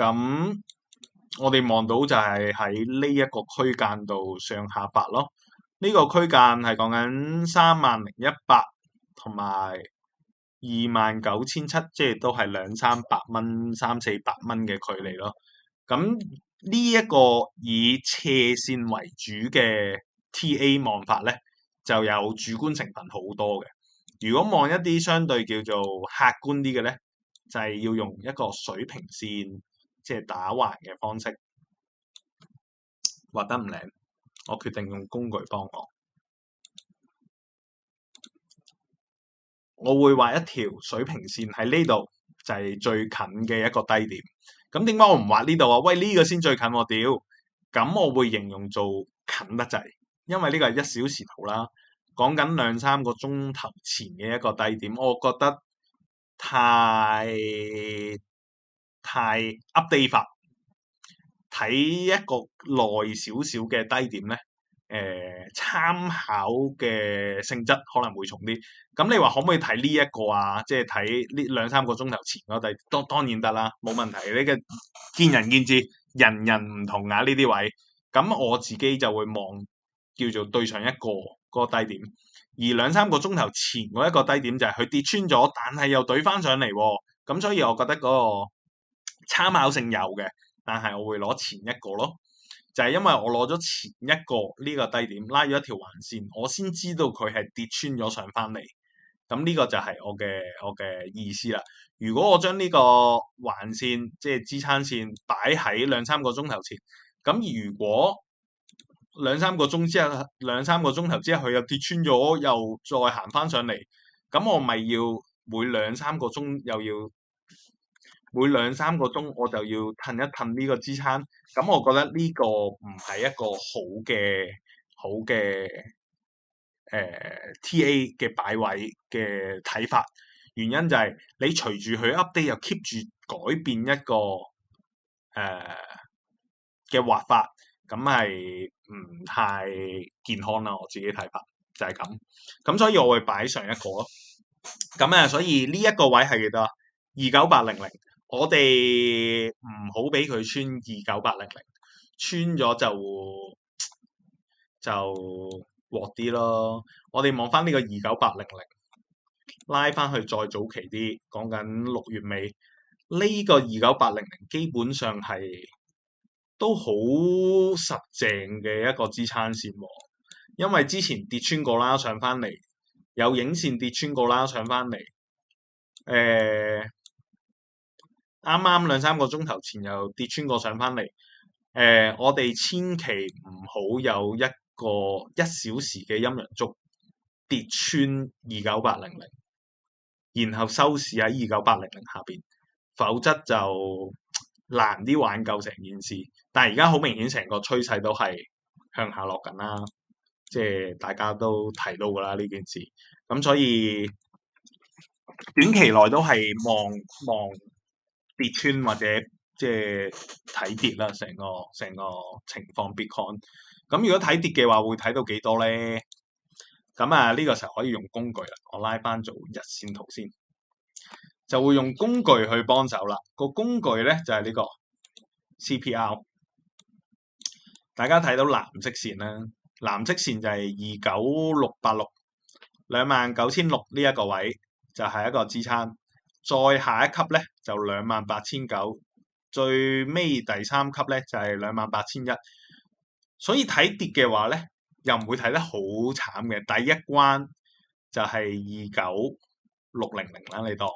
咁。我哋望到就係喺呢一個區間度上下白咯，呢、這個區間係講緊三萬零一百同埋二萬九千七，即係都係兩三百蚊、三四百蚊嘅距離咯。咁呢一個以斜線為主嘅 TA 望法咧，就有主觀成分好多嘅。如果望一啲相對叫做客觀啲嘅咧，就係、是、要用一個水平線。即係打橫嘅方式，畫得唔靚，我決定用工具幫我。我會畫一條水平線喺呢度，就係最近嘅一個低點。咁點解我唔畫呢度啊？喂，呢個先最近我屌！咁我會形容做近得滯，因為呢個係一小時圖啦，講緊兩三個鐘頭前嘅一個低點。我覺得太～太 update 睇一個耐少少嘅低點咧，誒、呃、參考嘅性質可能會重啲。咁你話可唔可以睇呢一個啊？即係睇呢兩三個鐘頭前嗰個低，當當然得啦，冇問題。呢個見仁見智，人人唔同啊。呢啲位咁我自己就會望叫做對上一個嗰、嗰個低點，而兩三個鐘頭前嗰一個低點就係佢跌穿咗，但係又懟翻上嚟、啊。咁所以我覺得嗰、嗰個。參考性有嘅，但係我會攞前一個咯，就係因為我攞咗前一個呢個低點拉咗一條橫線，我先知道佢係跌穿咗上翻嚟。咁呢個就係我嘅我嘅意思啦。如果我將呢個橫線即係支撐線擺喺兩三個鐘頭前，咁如果兩三個鐘之後兩三個鐘頭之後佢又跌穿咗，又再行翻上嚟，咁我咪要每兩三個鐘又要？每兩三個鐘我就要褪一褪呢個支撐，咁我覺得呢個唔係一個好嘅好嘅誒、呃、TA 嘅擺位嘅睇法。原因就係你隨住佢 update 又 keep 住改變一個誒嘅畫法，咁係唔太健康啦。我自己睇法就係、是、咁，咁所以我會擺上一個咯。咁誒，所以呢一個位係幾多啊？二九八零零。我哋唔好俾佢穿二九八零零，穿咗就就鑊啲咯。我哋望翻呢個二九八零零，拉翻去再早期啲，講緊六月尾呢個二九八零零基本上係都好實淨嘅一個支撐線喎。因為之前跌穿過啦，上翻嚟有影線跌穿過啦，上翻嚟誒。呃啱啱兩三個鐘頭前又跌穿過上翻嚟，誒、呃，我哋千祈唔好有一個一小時嘅陰陽燭跌穿二九八零零，然後收市喺二九八零零下邊，否則就難啲挽救成件事。但係而家好明顯，成個趨勢都係向下落緊啦，即係大家都提到㗎啦呢件事。咁所以短期內都係望望。望跌穿或者即係睇跌啦，成個成個情況變看。咁如果睇跌嘅話，會睇到幾多咧？咁啊，呢個時候可以用工具啦。我拉翻做日線圖先，就會用工具去幫手啦。個工具咧就係呢個 CPR。大家睇到藍色線啦，藍色線就係二九六八六兩萬九千六呢一個位，就係一個支撐。再下一級咧，就兩萬八千九；最尾第三級咧，就係兩萬八千一。所以睇跌嘅話咧，又唔會睇得好慘嘅。第一關就係二九六零零啦，你當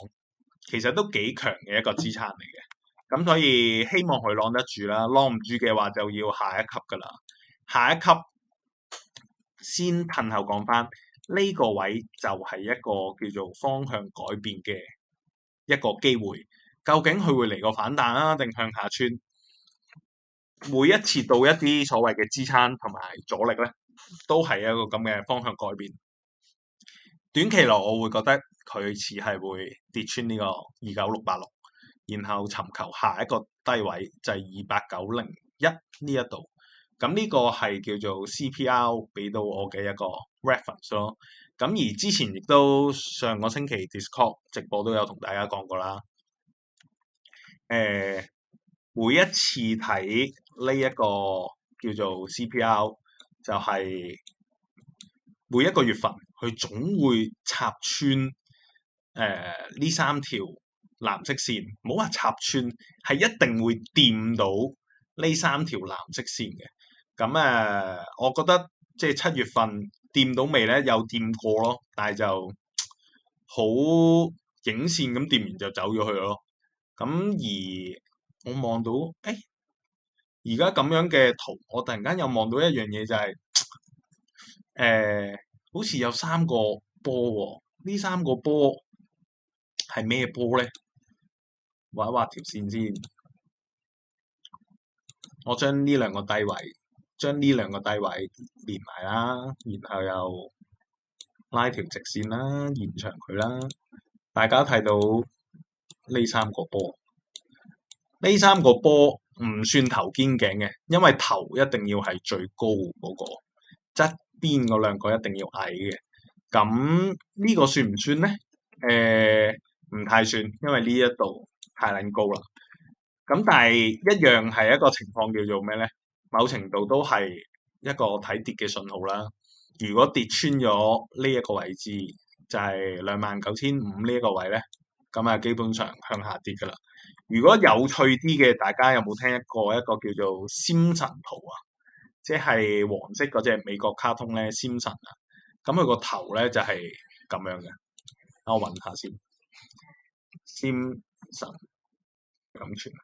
其實都幾強嘅一個支撐嚟嘅。咁所以希望佢攞得住啦，攞唔住嘅話就要下一級㗎喇。下一級先噴後講返呢個位就係一個叫做方向改變嘅。一個機會，究竟佢會嚟個反彈啊，定向下穿？每一次到一啲所謂嘅支撐同埋阻力咧，都係一個咁嘅方向改變。短期內我會覺得佢似係會跌穿呢個二九六八六，然後尋求下一個低位就係二八九零一呢一度。咁、嗯、呢、這個係叫做 CPR 俾到我嘅一個 reference 咯。咁而之前亦都上個星期 Discord 直播都有同大家講過啦。誒、呃，每一次睇呢一個叫做 CPI 就係每一個月份佢總會插穿誒呢、呃、三條藍色線，冇話插穿係一定會掂到呢三條藍色線嘅。咁誒、呃，我覺得即係七月份。掂到未咧，又掂過咯，但係就好影線咁掂完就走咗去了咯。咁而我望到，哎，而家咁樣嘅圖，我突然間又望到一樣嘢就係、是，誒、呃，好似有三個波喎、哦。呢三個波係咩波咧？畫一畫條線先。我將呢兩個低位。將呢兩個低位連埋啦，然後又拉條直線啦，延長佢啦。大家睇到呢三個波，呢三個波唔算頭肩頸嘅，因為頭一定要係最高嗰個，側邊嗰兩個一定要矮嘅。咁呢個算唔算咧？誒，唔太算，因為呢一度太撚高啦。咁但係一樣係一個情況叫做咩咧？某程度都係一個睇跌嘅信號啦。如果跌穿咗呢一個位置，就係兩萬九千五呢一個位咧，咁啊基本上向下跌噶啦。如果有趣啲嘅，大家有冇聽過一個一個叫做仙神圖啊？即係黃色嗰隻美國卡通咧，仙神啊。咁佢個頭咧就係咁樣嘅。我揾下先，先神咁串。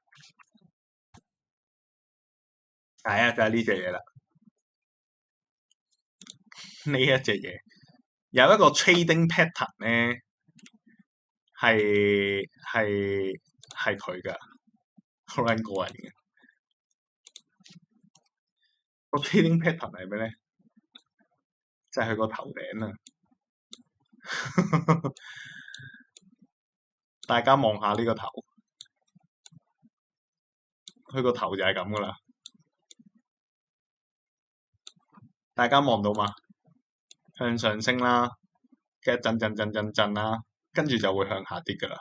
係啊、哎，就係呢隻嘢啦。呢一隻嘢有一個 trading pattern 咧，係係係佢噶，好撚過人嘅。這個 trading pattern 係咩咧？就係、佢、個頭頂啊！ 大家望下呢個頭，佢個頭就係咁噶啦。大家望到嘛？向上升啦，跟住震震震震震震震啦，跟住就會向下跌㗎啦。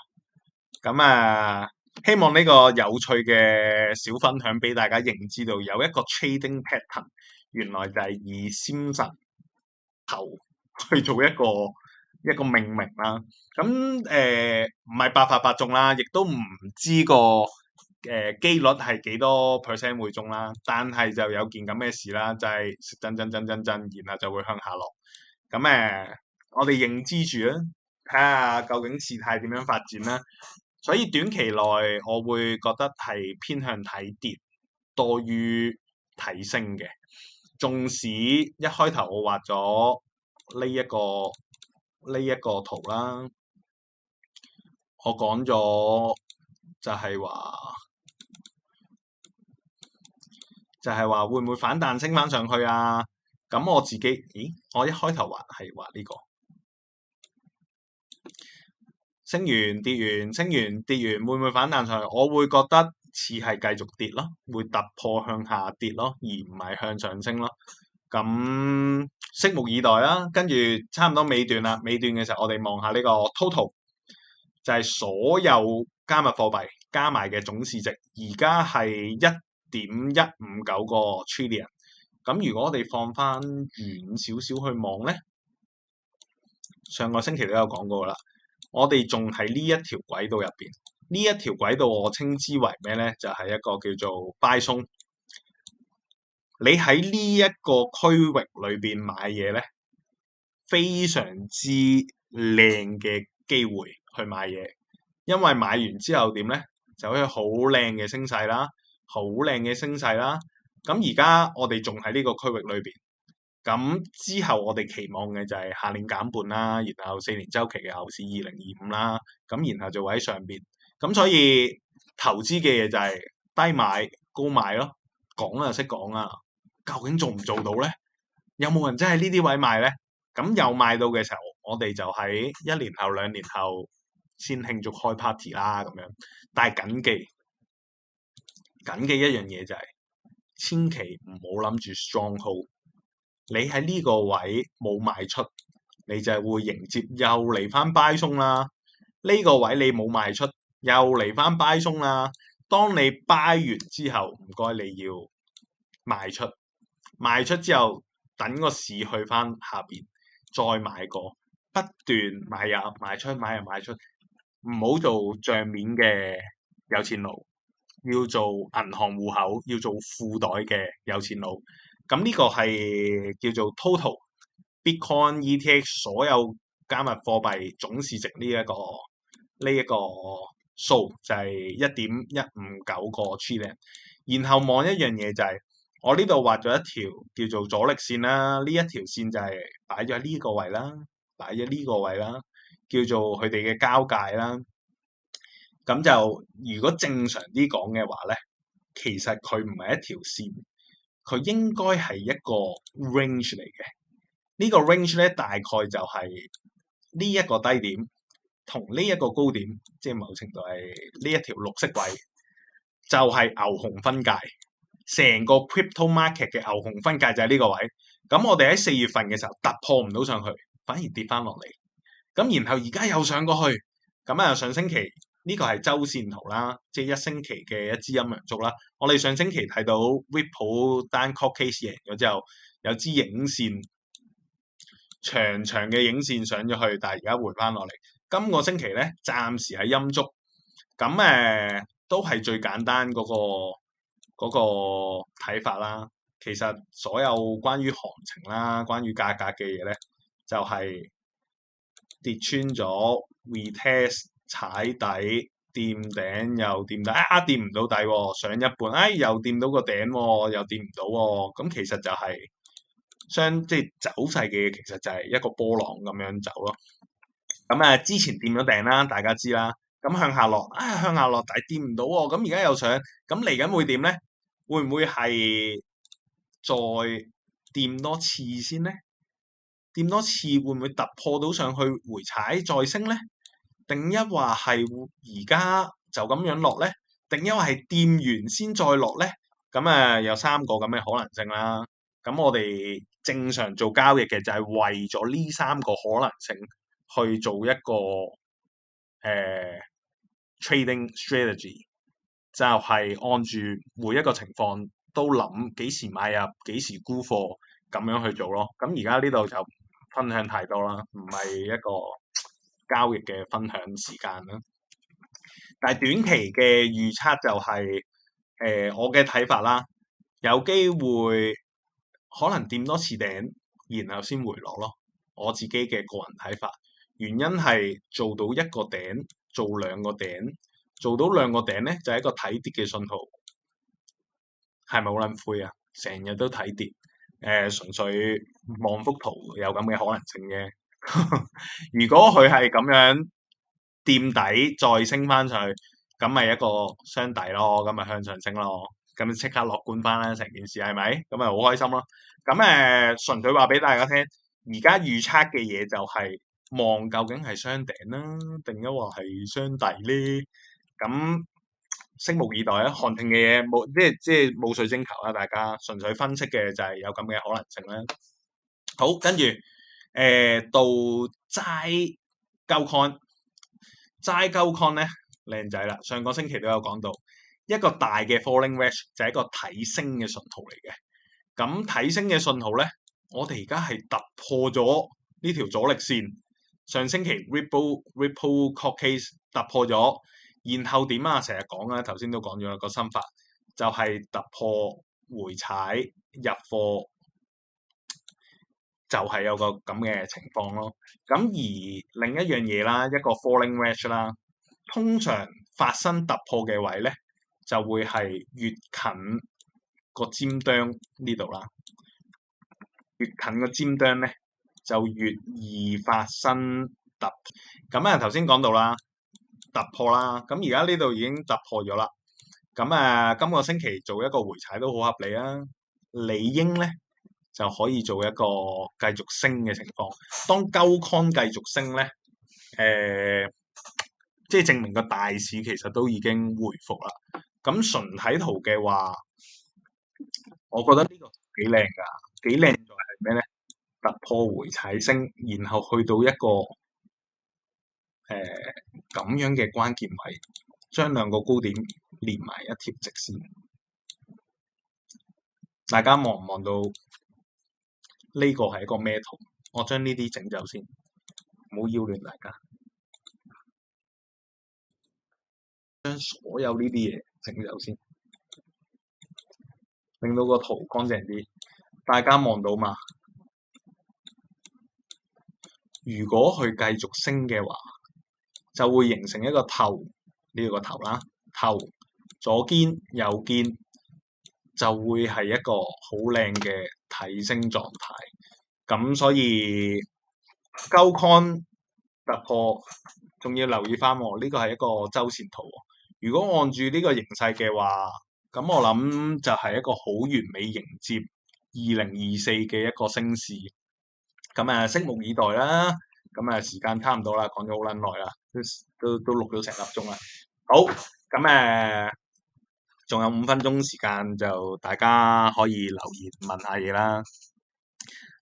咁啊，希望呢個有趣嘅小分享俾大家認知到有一個 trading pattern，原來就係以先陣頭去做一個一個命名啦。咁誒，唔、呃、唔係百發百中啦，亦都唔知個。誒、呃、機率係幾多 percent 會中啦？但係就有件咁嘅事啦，就係震震震震震，然後就會向下落。咁誒、呃，我哋認知住啦，睇下究竟事態點樣發展啦。所以短期內，我會覺得係偏向睇跌多於睇升嘅。縱使一開頭我畫咗呢一個呢一個圖啦，我講咗就係話。就係話會唔會反彈升翻上去啊？咁我自己，咦？我一開頭話係話呢個升完跌完，升完跌完會唔會反彈上去？我會覺得似係繼續跌咯，會突破向下跌咯，而唔係向上升咯。咁拭目以待啦。跟住差唔多尾段啦，尾段嘅時候我哋望下呢個 total，就係所有加密貨幣加埋嘅總市值，而家係一。點一五九個 trillion，咁如果我哋放翻遠少少去望咧，上個星期都有講過啦，我哋仲喺呢一條軌道入邊，呢一條軌道我稱之為咩咧？就係、是、一個叫做 Buy Zone。你喺呢一個區域裏邊買嘢咧，非常之靚嘅機會去買嘢，因為買完之後點咧，就可以好靚嘅升勢啦。好靚嘅升勢啦，咁而家我哋仲喺呢個區域裏邊，咁之後我哋期望嘅就係下年減半啦，然後四年周期嘅牛市二零二五啦，咁然後就會喺上邊，咁所以投資嘅嘢就係低買高賣咯，講就識講啦，究竟做唔做到咧？有冇人真係呢啲位賣咧？咁有賣到嘅時候，我哋就喺一年後、兩年後先慶祝開 party 啦，咁樣，但係謹記。緊嘅一樣嘢就係、是，千祈唔好諗住 strong hold 你喺呢個位冇賣出，你就係會迎接又嚟翻 buy 鬆啦。呢、這個位你冇賣出，又嚟翻 buy 鬆啦。當你 buy 完之後，唔該你要賣出，賣出之後等個市去翻下邊再買過，不斷買入賣出買入賣出，唔好做帳面嘅有錢佬。要做銀行戶口，要做褲袋嘅有錢佬。咁呢個係叫做 total bitcoin ETH 所有加密貨幣總市值呢一個呢一個數，就係一點一五九個 G。然後望一樣嘢就係我呢度畫咗一條叫做阻力線啦。呢一條線就係擺咗呢個位啦，擺咗呢個位啦，叫做佢哋嘅交界啦。咁就如果正常啲講嘅話咧，其實佢唔係一條線，佢應該係一個 range 嚟嘅。呢個 range 咧，大概就係呢一個低點同呢一個高點，即係某程度係呢一條綠色位，就係牛熊分界。成個 crypto market 嘅牛熊分界就係呢個位。咁我哋喺四月份嘅時候突破唔到上去，反而跌翻落嚟。咁然後而家又上過去，咁啊上星期。呢個係周線圖啦，即係一星期嘅一支陰陽燭啦。我哋上星期睇到 Ripple 單 court case 贏咗之後，有支影線長長嘅影線上咗去，但係而家回翻落嚟。今個星期咧，暫時係陰燭。咁誒、呃、都係最簡單嗰、嗰個睇、嗰個、法啦。其實所有關於行情啦、關於價格嘅嘢咧，就係、是、跌穿咗 retest。Re test。踩底掂頂又掂底，啊掂唔到底喎、哦，上一半，哎又掂到個頂、哦，又掂唔到、哦，咁其實就係相即係走勢嘅，其實就係、是、一個波浪咁樣走咯。咁、嗯、啊，之前掂咗頂啦，大家知啦。咁、嗯、向下落，啊、哎、向下落，但係掂唔到喎、哦。咁而家又上，咁嚟緊會點咧？會唔會係再掂多次先咧？掂多次會唔會突破到上去回踩再升咧？定一話係而家就咁樣落咧，定一話係店員先再落咧，咁誒有三個咁嘅可能性啦。咁我哋正常做交易嘅就係為咗呢三個可能性去做一個誒、呃、trading strategy，就係按住每一個情況都諗幾時買入、幾時沽貨咁樣去做咯。咁而家呢度就分享太多啦，唔係一個。交易嘅分享時間啦，但係短期嘅預測就係、是、誒、呃、我嘅睇法啦，有機會可能掂多次頂，然後先回落咯。我自己嘅個人睇法，原因係做到一個頂，做兩個頂，做到兩個頂咧就係、是、一個睇跌嘅信號。係咪好撚灰啊？成日都睇跌，誒、呃，純粹望幅圖有咁嘅可能性嘅。 如果佢係咁樣墊底，再升翻上去，咁咪一個雙底咯，咁咪向上升咯，咁就即刻樂觀翻啦，成件事係咪？咁咪好開心咯。咁誒，純粹話俾大家聽，而家預測嘅嘢就係望究竟係雙頂啦，定抑或係雙底咧？咁拭目以待啦，看聽嘅嘢冇，即係即係冇水晶球啦、啊。大家純粹分析嘅就係有咁嘅可能性啦、啊。好，跟住。誒、呃、到齋鳩 Con，齋鳩 Con 咧靚仔啦，上個星期都有講到，一個大嘅 falling wedge 就係一個睇升嘅信號嚟嘅。咁睇升嘅信號咧，我哋而家係突破咗呢條阻力線。上星期 ripple ripple court case 突破咗，然後點啊？成日講啦，頭先都講咗啦個心法，就係、是、突破回踩入貨。就係有個咁嘅情況咯。咁而另一樣嘢啦，一個 falling wedge 啦，通常發生突破嘅位咧，就會係越近個尖端呢度啦。越近個尖端咧，就越易發生突破。咁啊，頭先講到啦，突破啦。咁而家呢度已經突破咗啦。咁啊，今個星期做一個回踩都好合理啊。理應咧。就可以做一個繼續升嘅情況。當高抗繼續升咧，誒、呃，即係證明個大市其實都已經回復啦。咁純睇圖嘅話，我覺得呢個幾靚噶，幾靚在係咩咧？突破回踩升，然後去到一個誒咁、呃、樣嘅關鍵位，將兩個高點連埋一條直線，大家望唔望到？呢個係一個咩圖？我將呢啲整走先，唔好擾亂大家。將所有呢啲嘢整走先，令到個圖乾淨啲，大家望到嘛。如果佢繼續升嘅話，就會形成一個頭，呢個頭啦，頭，左肩右肩。就會係一個好靚嘅睇升狀態，咁所以高抗突破仲要留意翻喎、哦，呢、這個係一個周線圖喎、哦。如果按住呢個形勢嘅話，咁我諗就係一個好完美迎接二零二四嘅一個升市。咁誒、啊，拭目以待啦。咁誒、啊，時間差唔多啦，講咗好撚耐啦，都都都錄咗成粒鐘啦。好，咁誒、啊。仲有五分鐘時間，就大家可以留言問下嘢啦。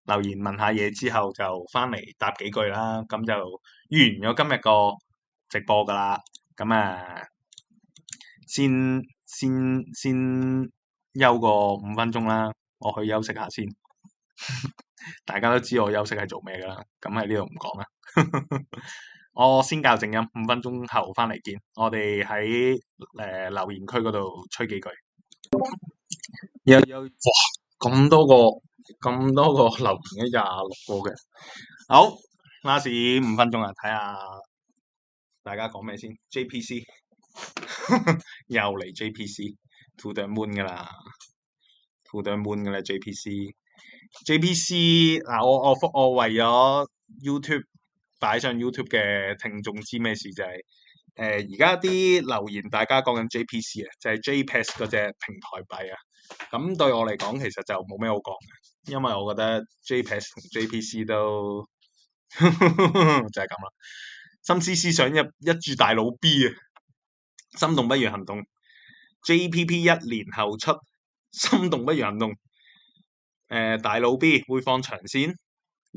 留言問下嘢之後，就翻嚟答幾句啦。咁就完咗今日個直播噶啦。咁啊，先先先休個五分鐘啦。我去休息下先。 大家都知我休息係做咩噶啦。咁喺呢度唔講啦。 我先較靜音，五分鐘後翻嚟見。我哋喺誒留言區嗰度吹幾句。有有咁多個咁多個留言嘅廿六個嘅。好，last 五分鐘 啊，睇下大家講咩先。JPC 又嚟 JPC，too damn moon 㗎喇，too damn moon 㗎喇 JPC。JPC 嗱，我我覆我為咗 YouTube。帶上 YouTube 嘅聽眾知咩事就係誒，而家啲留言大家講緊 JPC 啊，就係 JPS 嗰隻平台幣啊。咁對我嚟講其實就冇咩好講嘅，因為我覺得 JPS 同 JPC 都 就係咁啦。心思思想入一注大佬 B 啊，心動不如行動。JPP 一年後出，心動不如行動。誒、呃，大佬 B 會放長線，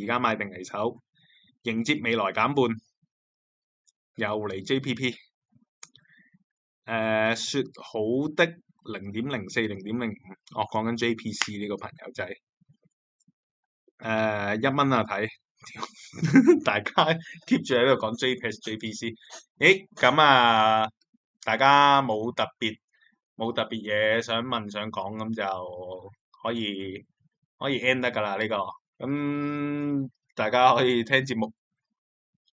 而家買定離手。迎接未來減半，又嚟 JPP，誒、呃，説好的零點零四、零點零五，我講緊 JPC 呢個朋友仔，誒，一蚊啊睇， 大家 keep 住喺度講 JPS、JPC 咦，咁啊，大家冇特別冇特別嘢想問、想講咁就可以可以 end 得㗎喇呢個，咁、嗯、大家可以聽節目。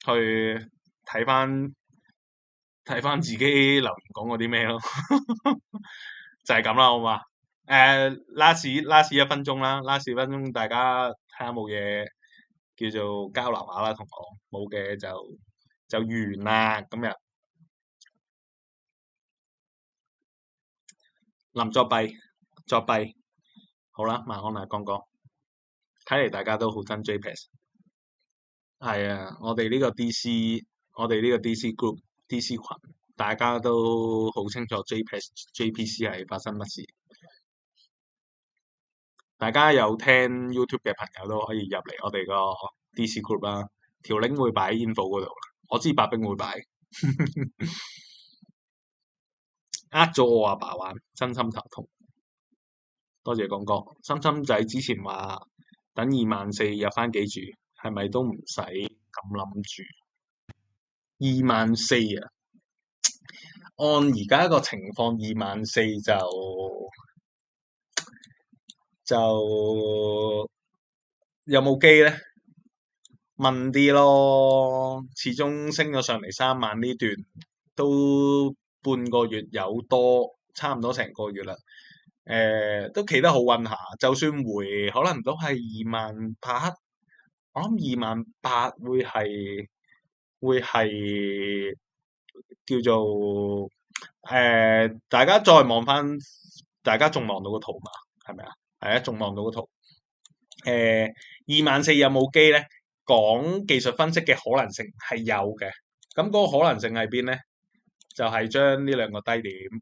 去睇翻睇翻自己留言講過啲咩咯， 就係咁啦，好嘛？誒、uh，last last 一分鐘啦，last 一分鐘，大家睇下冇嘢叫做交流下啦，同我冇嘅就就完啦，今日林作弊作弊，好啦，晚安啊，講講，睇嚟大家都好憎 JPS。係啊，我哋呢個 DC，我哋呢個 DC group，DC 羣，大家都好清楚 JPC JPC 係發生乜事。大家有聽 YouTube 嘅朋友都可以入嚟我哋個 DC group 啦、啊，條 link 會擺 info 嗰度。我知白兵會擺，呃 咗我阿爸，爸玩，真心頭痛。多謝講哥，心心仔之前話等二萬四入翻幾注。係咪都唔使咁諗住？二萬四啊，按而家個情況，二萬四就就有冇機咧？問啲咯，始終升咗上嚟三萬呢段，都半個月有多，差唔多成個月啦。誒、呃，都企得好穩下，就算回可能都係二萬八。我諗二萬八會係會係叫做，誒、呃，大家再望翻，大家仲望到個圖嘛？係咪啊？係啊，仲望到個圖。誒、呃，二萬四有冇機咧？講技術分析嘅可能性係有嘅。咁嗰個可能性喺邊咧？就係將呢兩個低點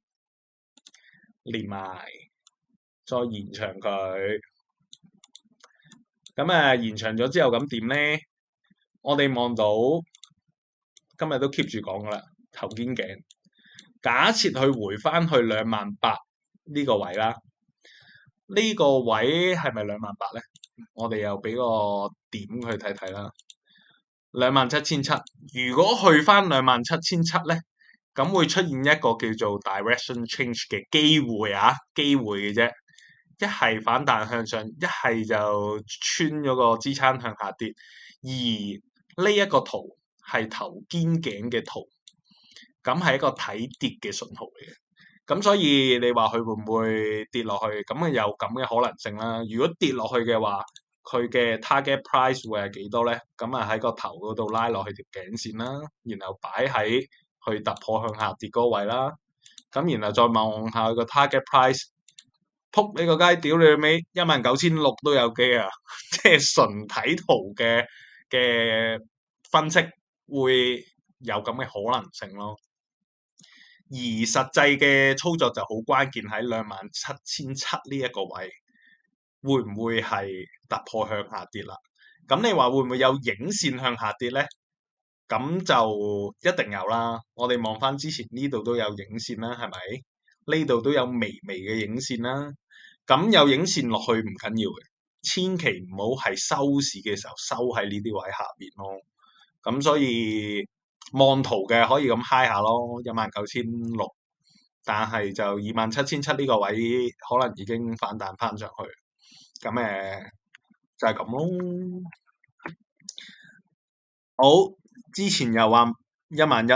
連埋，再延長佢。咁啊，延長咗之後咁點咧？我哋望到今日都 keep 住講噶啦，頭肩頸。假設去回翻去兩萬八呢個位啦，呢個位係咪兩萬八咧？我哋又俾個點去睇睇啦。兩萬七千七，如果去翻兩萬七千七咧，咁會出現一個叫做 direction change 嘅機會啊，機會嘅啫。一係反彈向上，一係就穿咗個支撐向下跌。而呢一個圖係頭肩頸嘅圖，咁係一個睇跌嘅信號嚟嘅。咁所以你話佢會唔會跌落去？咁啊有咁嘅可能性啦。如果跌落去嘅話，佢嘅 target price 會係幾多咧？咁啊喺個頭嗰度拉落去條頸線啦，然後擺喺佢突破向下跌嗰位啦。咁然後再望下個 target price。扑你個街，屌你尾，尾，尾，尾，一萬九千六都有機啊！即係純睇圖嘅嘅分析會有咁嘅可能性咯。而實際嘅操作就好關鍵喺兩萬七千七呢一個位，會唔會係突破向下跌啦？咁你話會唔會有影線向下跌咧？咁就一定有啦。我哋望翻之前呢度都有影線啦，係咪？呢度都有微微嘅影線啦。咁有影線落去唔緊要嘅，千祈唔好係收市嘅時候收喺呢啲位下邊咯。咁所以望圖嘅可以咁 high 下咯，一萬九千六。但係就二萬七千七呢個位，可能已經反彈翻上去。咁誒、呃、就係、是、咁咯。好，之前又話一萬一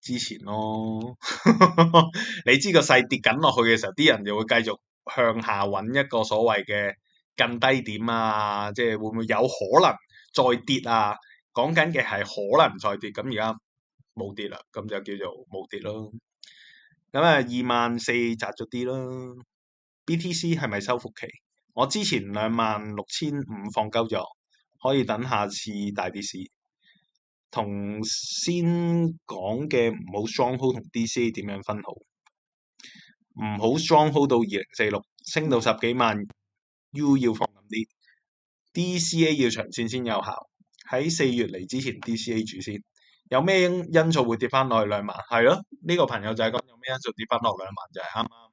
之前咯， 你知個勢跌緊落去嘅時候，啲人就會繼續。向下揾一個所謂嘅更低點啊，即係會唔會有可能再跌啊？講緊嘅係可能再跌，咁而家冇跌啦，咁就叫做冇跌咯。咁啊，二萬四窄咗啲啦。BTC 係咪收復期？我之前兩萬六千五放鳩咗，可以等下次大跌市，同先講嘅唔好 s t 同 DC 點樣分好？唔好裝好到二零四六，升到十幾萬，U 要放咁啲，DCA 要長線先有效。喺四月嚟之前，DCA 住先。有咩因素會跌翻落去兩萬？係咯，呢、這個朋友就係講有咩因素跌翻落兩萬就係啱啱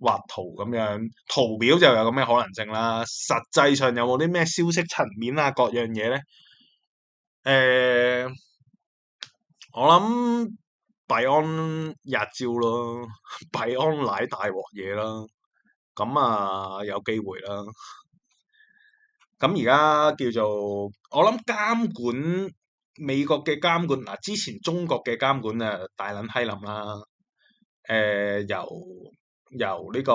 畫圖咁樣，圖表就有咁嘅可能性啦。實際上有冇啲咩消息層面啊，各樣嘢咧？誒，我諗。幣安日照咯，幣安奶大鑊嘢啦，咁啊有機會啦。咁而家叫做我諗監管美國嘅監管嗱、啊，之前中國嘅監管啊大撚批撚啦。誒、呃、由由呢個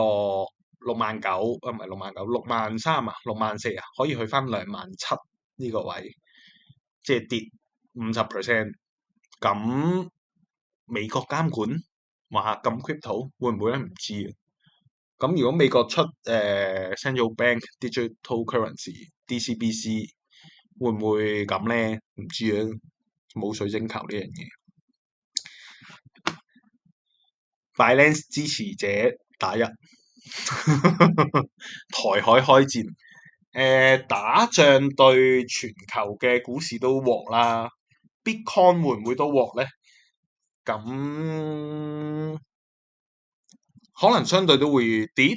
六萬九啊唔係六萬九，六萬三啊，六萬四啊，可以去返兩萬七呢個位，即、就、係、是、跌五十 percent 咁。美國監管話禁 cryptocurrency 會唔會咧？唔知啊。咁如果美國出誒、呃、central bank digital currency DCBC 會唔會咁咧？唔知啊，冇水晶球呢樣嘢。Balance 支持者打一 台海開戰誒、呃，打仗對全球嘅股市都獲啦。Bitcoin 會唔會都獲咧？咁、嗯、可能相對都會跌，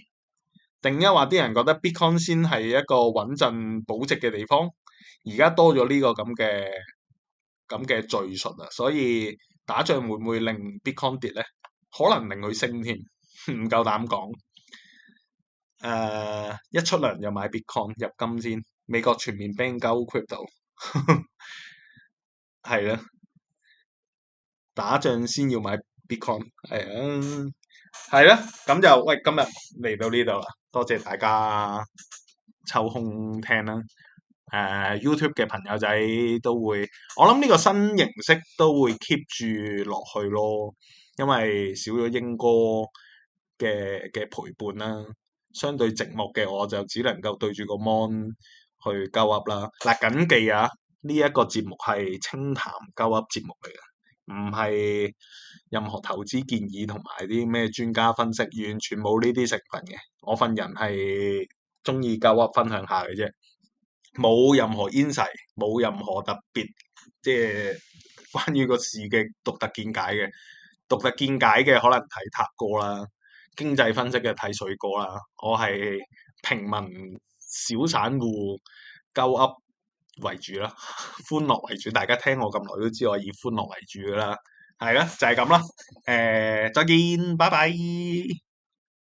定一話啲人覺得 Bitcoin 先係一個穩陣保值嘅地方，而家多咗呢、這個咁嘅咁嘅敘述啊。所以打仗會唔會令 Bitcoin 跌咧？可能令佢升添，唔夠膽講。誒、呃，一出糧又買 Bitcoin 入金先，美國全面 ban go crypto，係啦。打仗先要買 Bitcoin，係啊，係啦、啊，咁就喂，今日嚟到呢度啦，多謝大家抽空聽啦。誒、uh，YouTube 嘅朋友仔都會，我諗呢個新形式都會 keep 住落去咯，因為少咗鷹哥嘅嘅陪伴啦，相對寂寞嘅我就只能夠對住個 mon 去鳩噏啦。嗱、啊，謹記啊，呢、這、一個節目係清談鳩噏節目嚟嘅。唔係任何投資建議同埋啲咩專家分析，完全冇呢啲成分嘅。我份人係鍾意夠噏分享下嘅啫，冇任何煙勢，冇任何特別即係、就是、關於個市嘅獨特見解嘅。獨特見解嘅可能睇塔哥啦，經濟分析嘅睇水哥啦。我係平民小散戶，夠噏為主啦，歡樂為主。大家聽我咁耐都知，我以歡樂為主㗎喇，係啦，就係咁啦。誒、呃，再見，拜拜。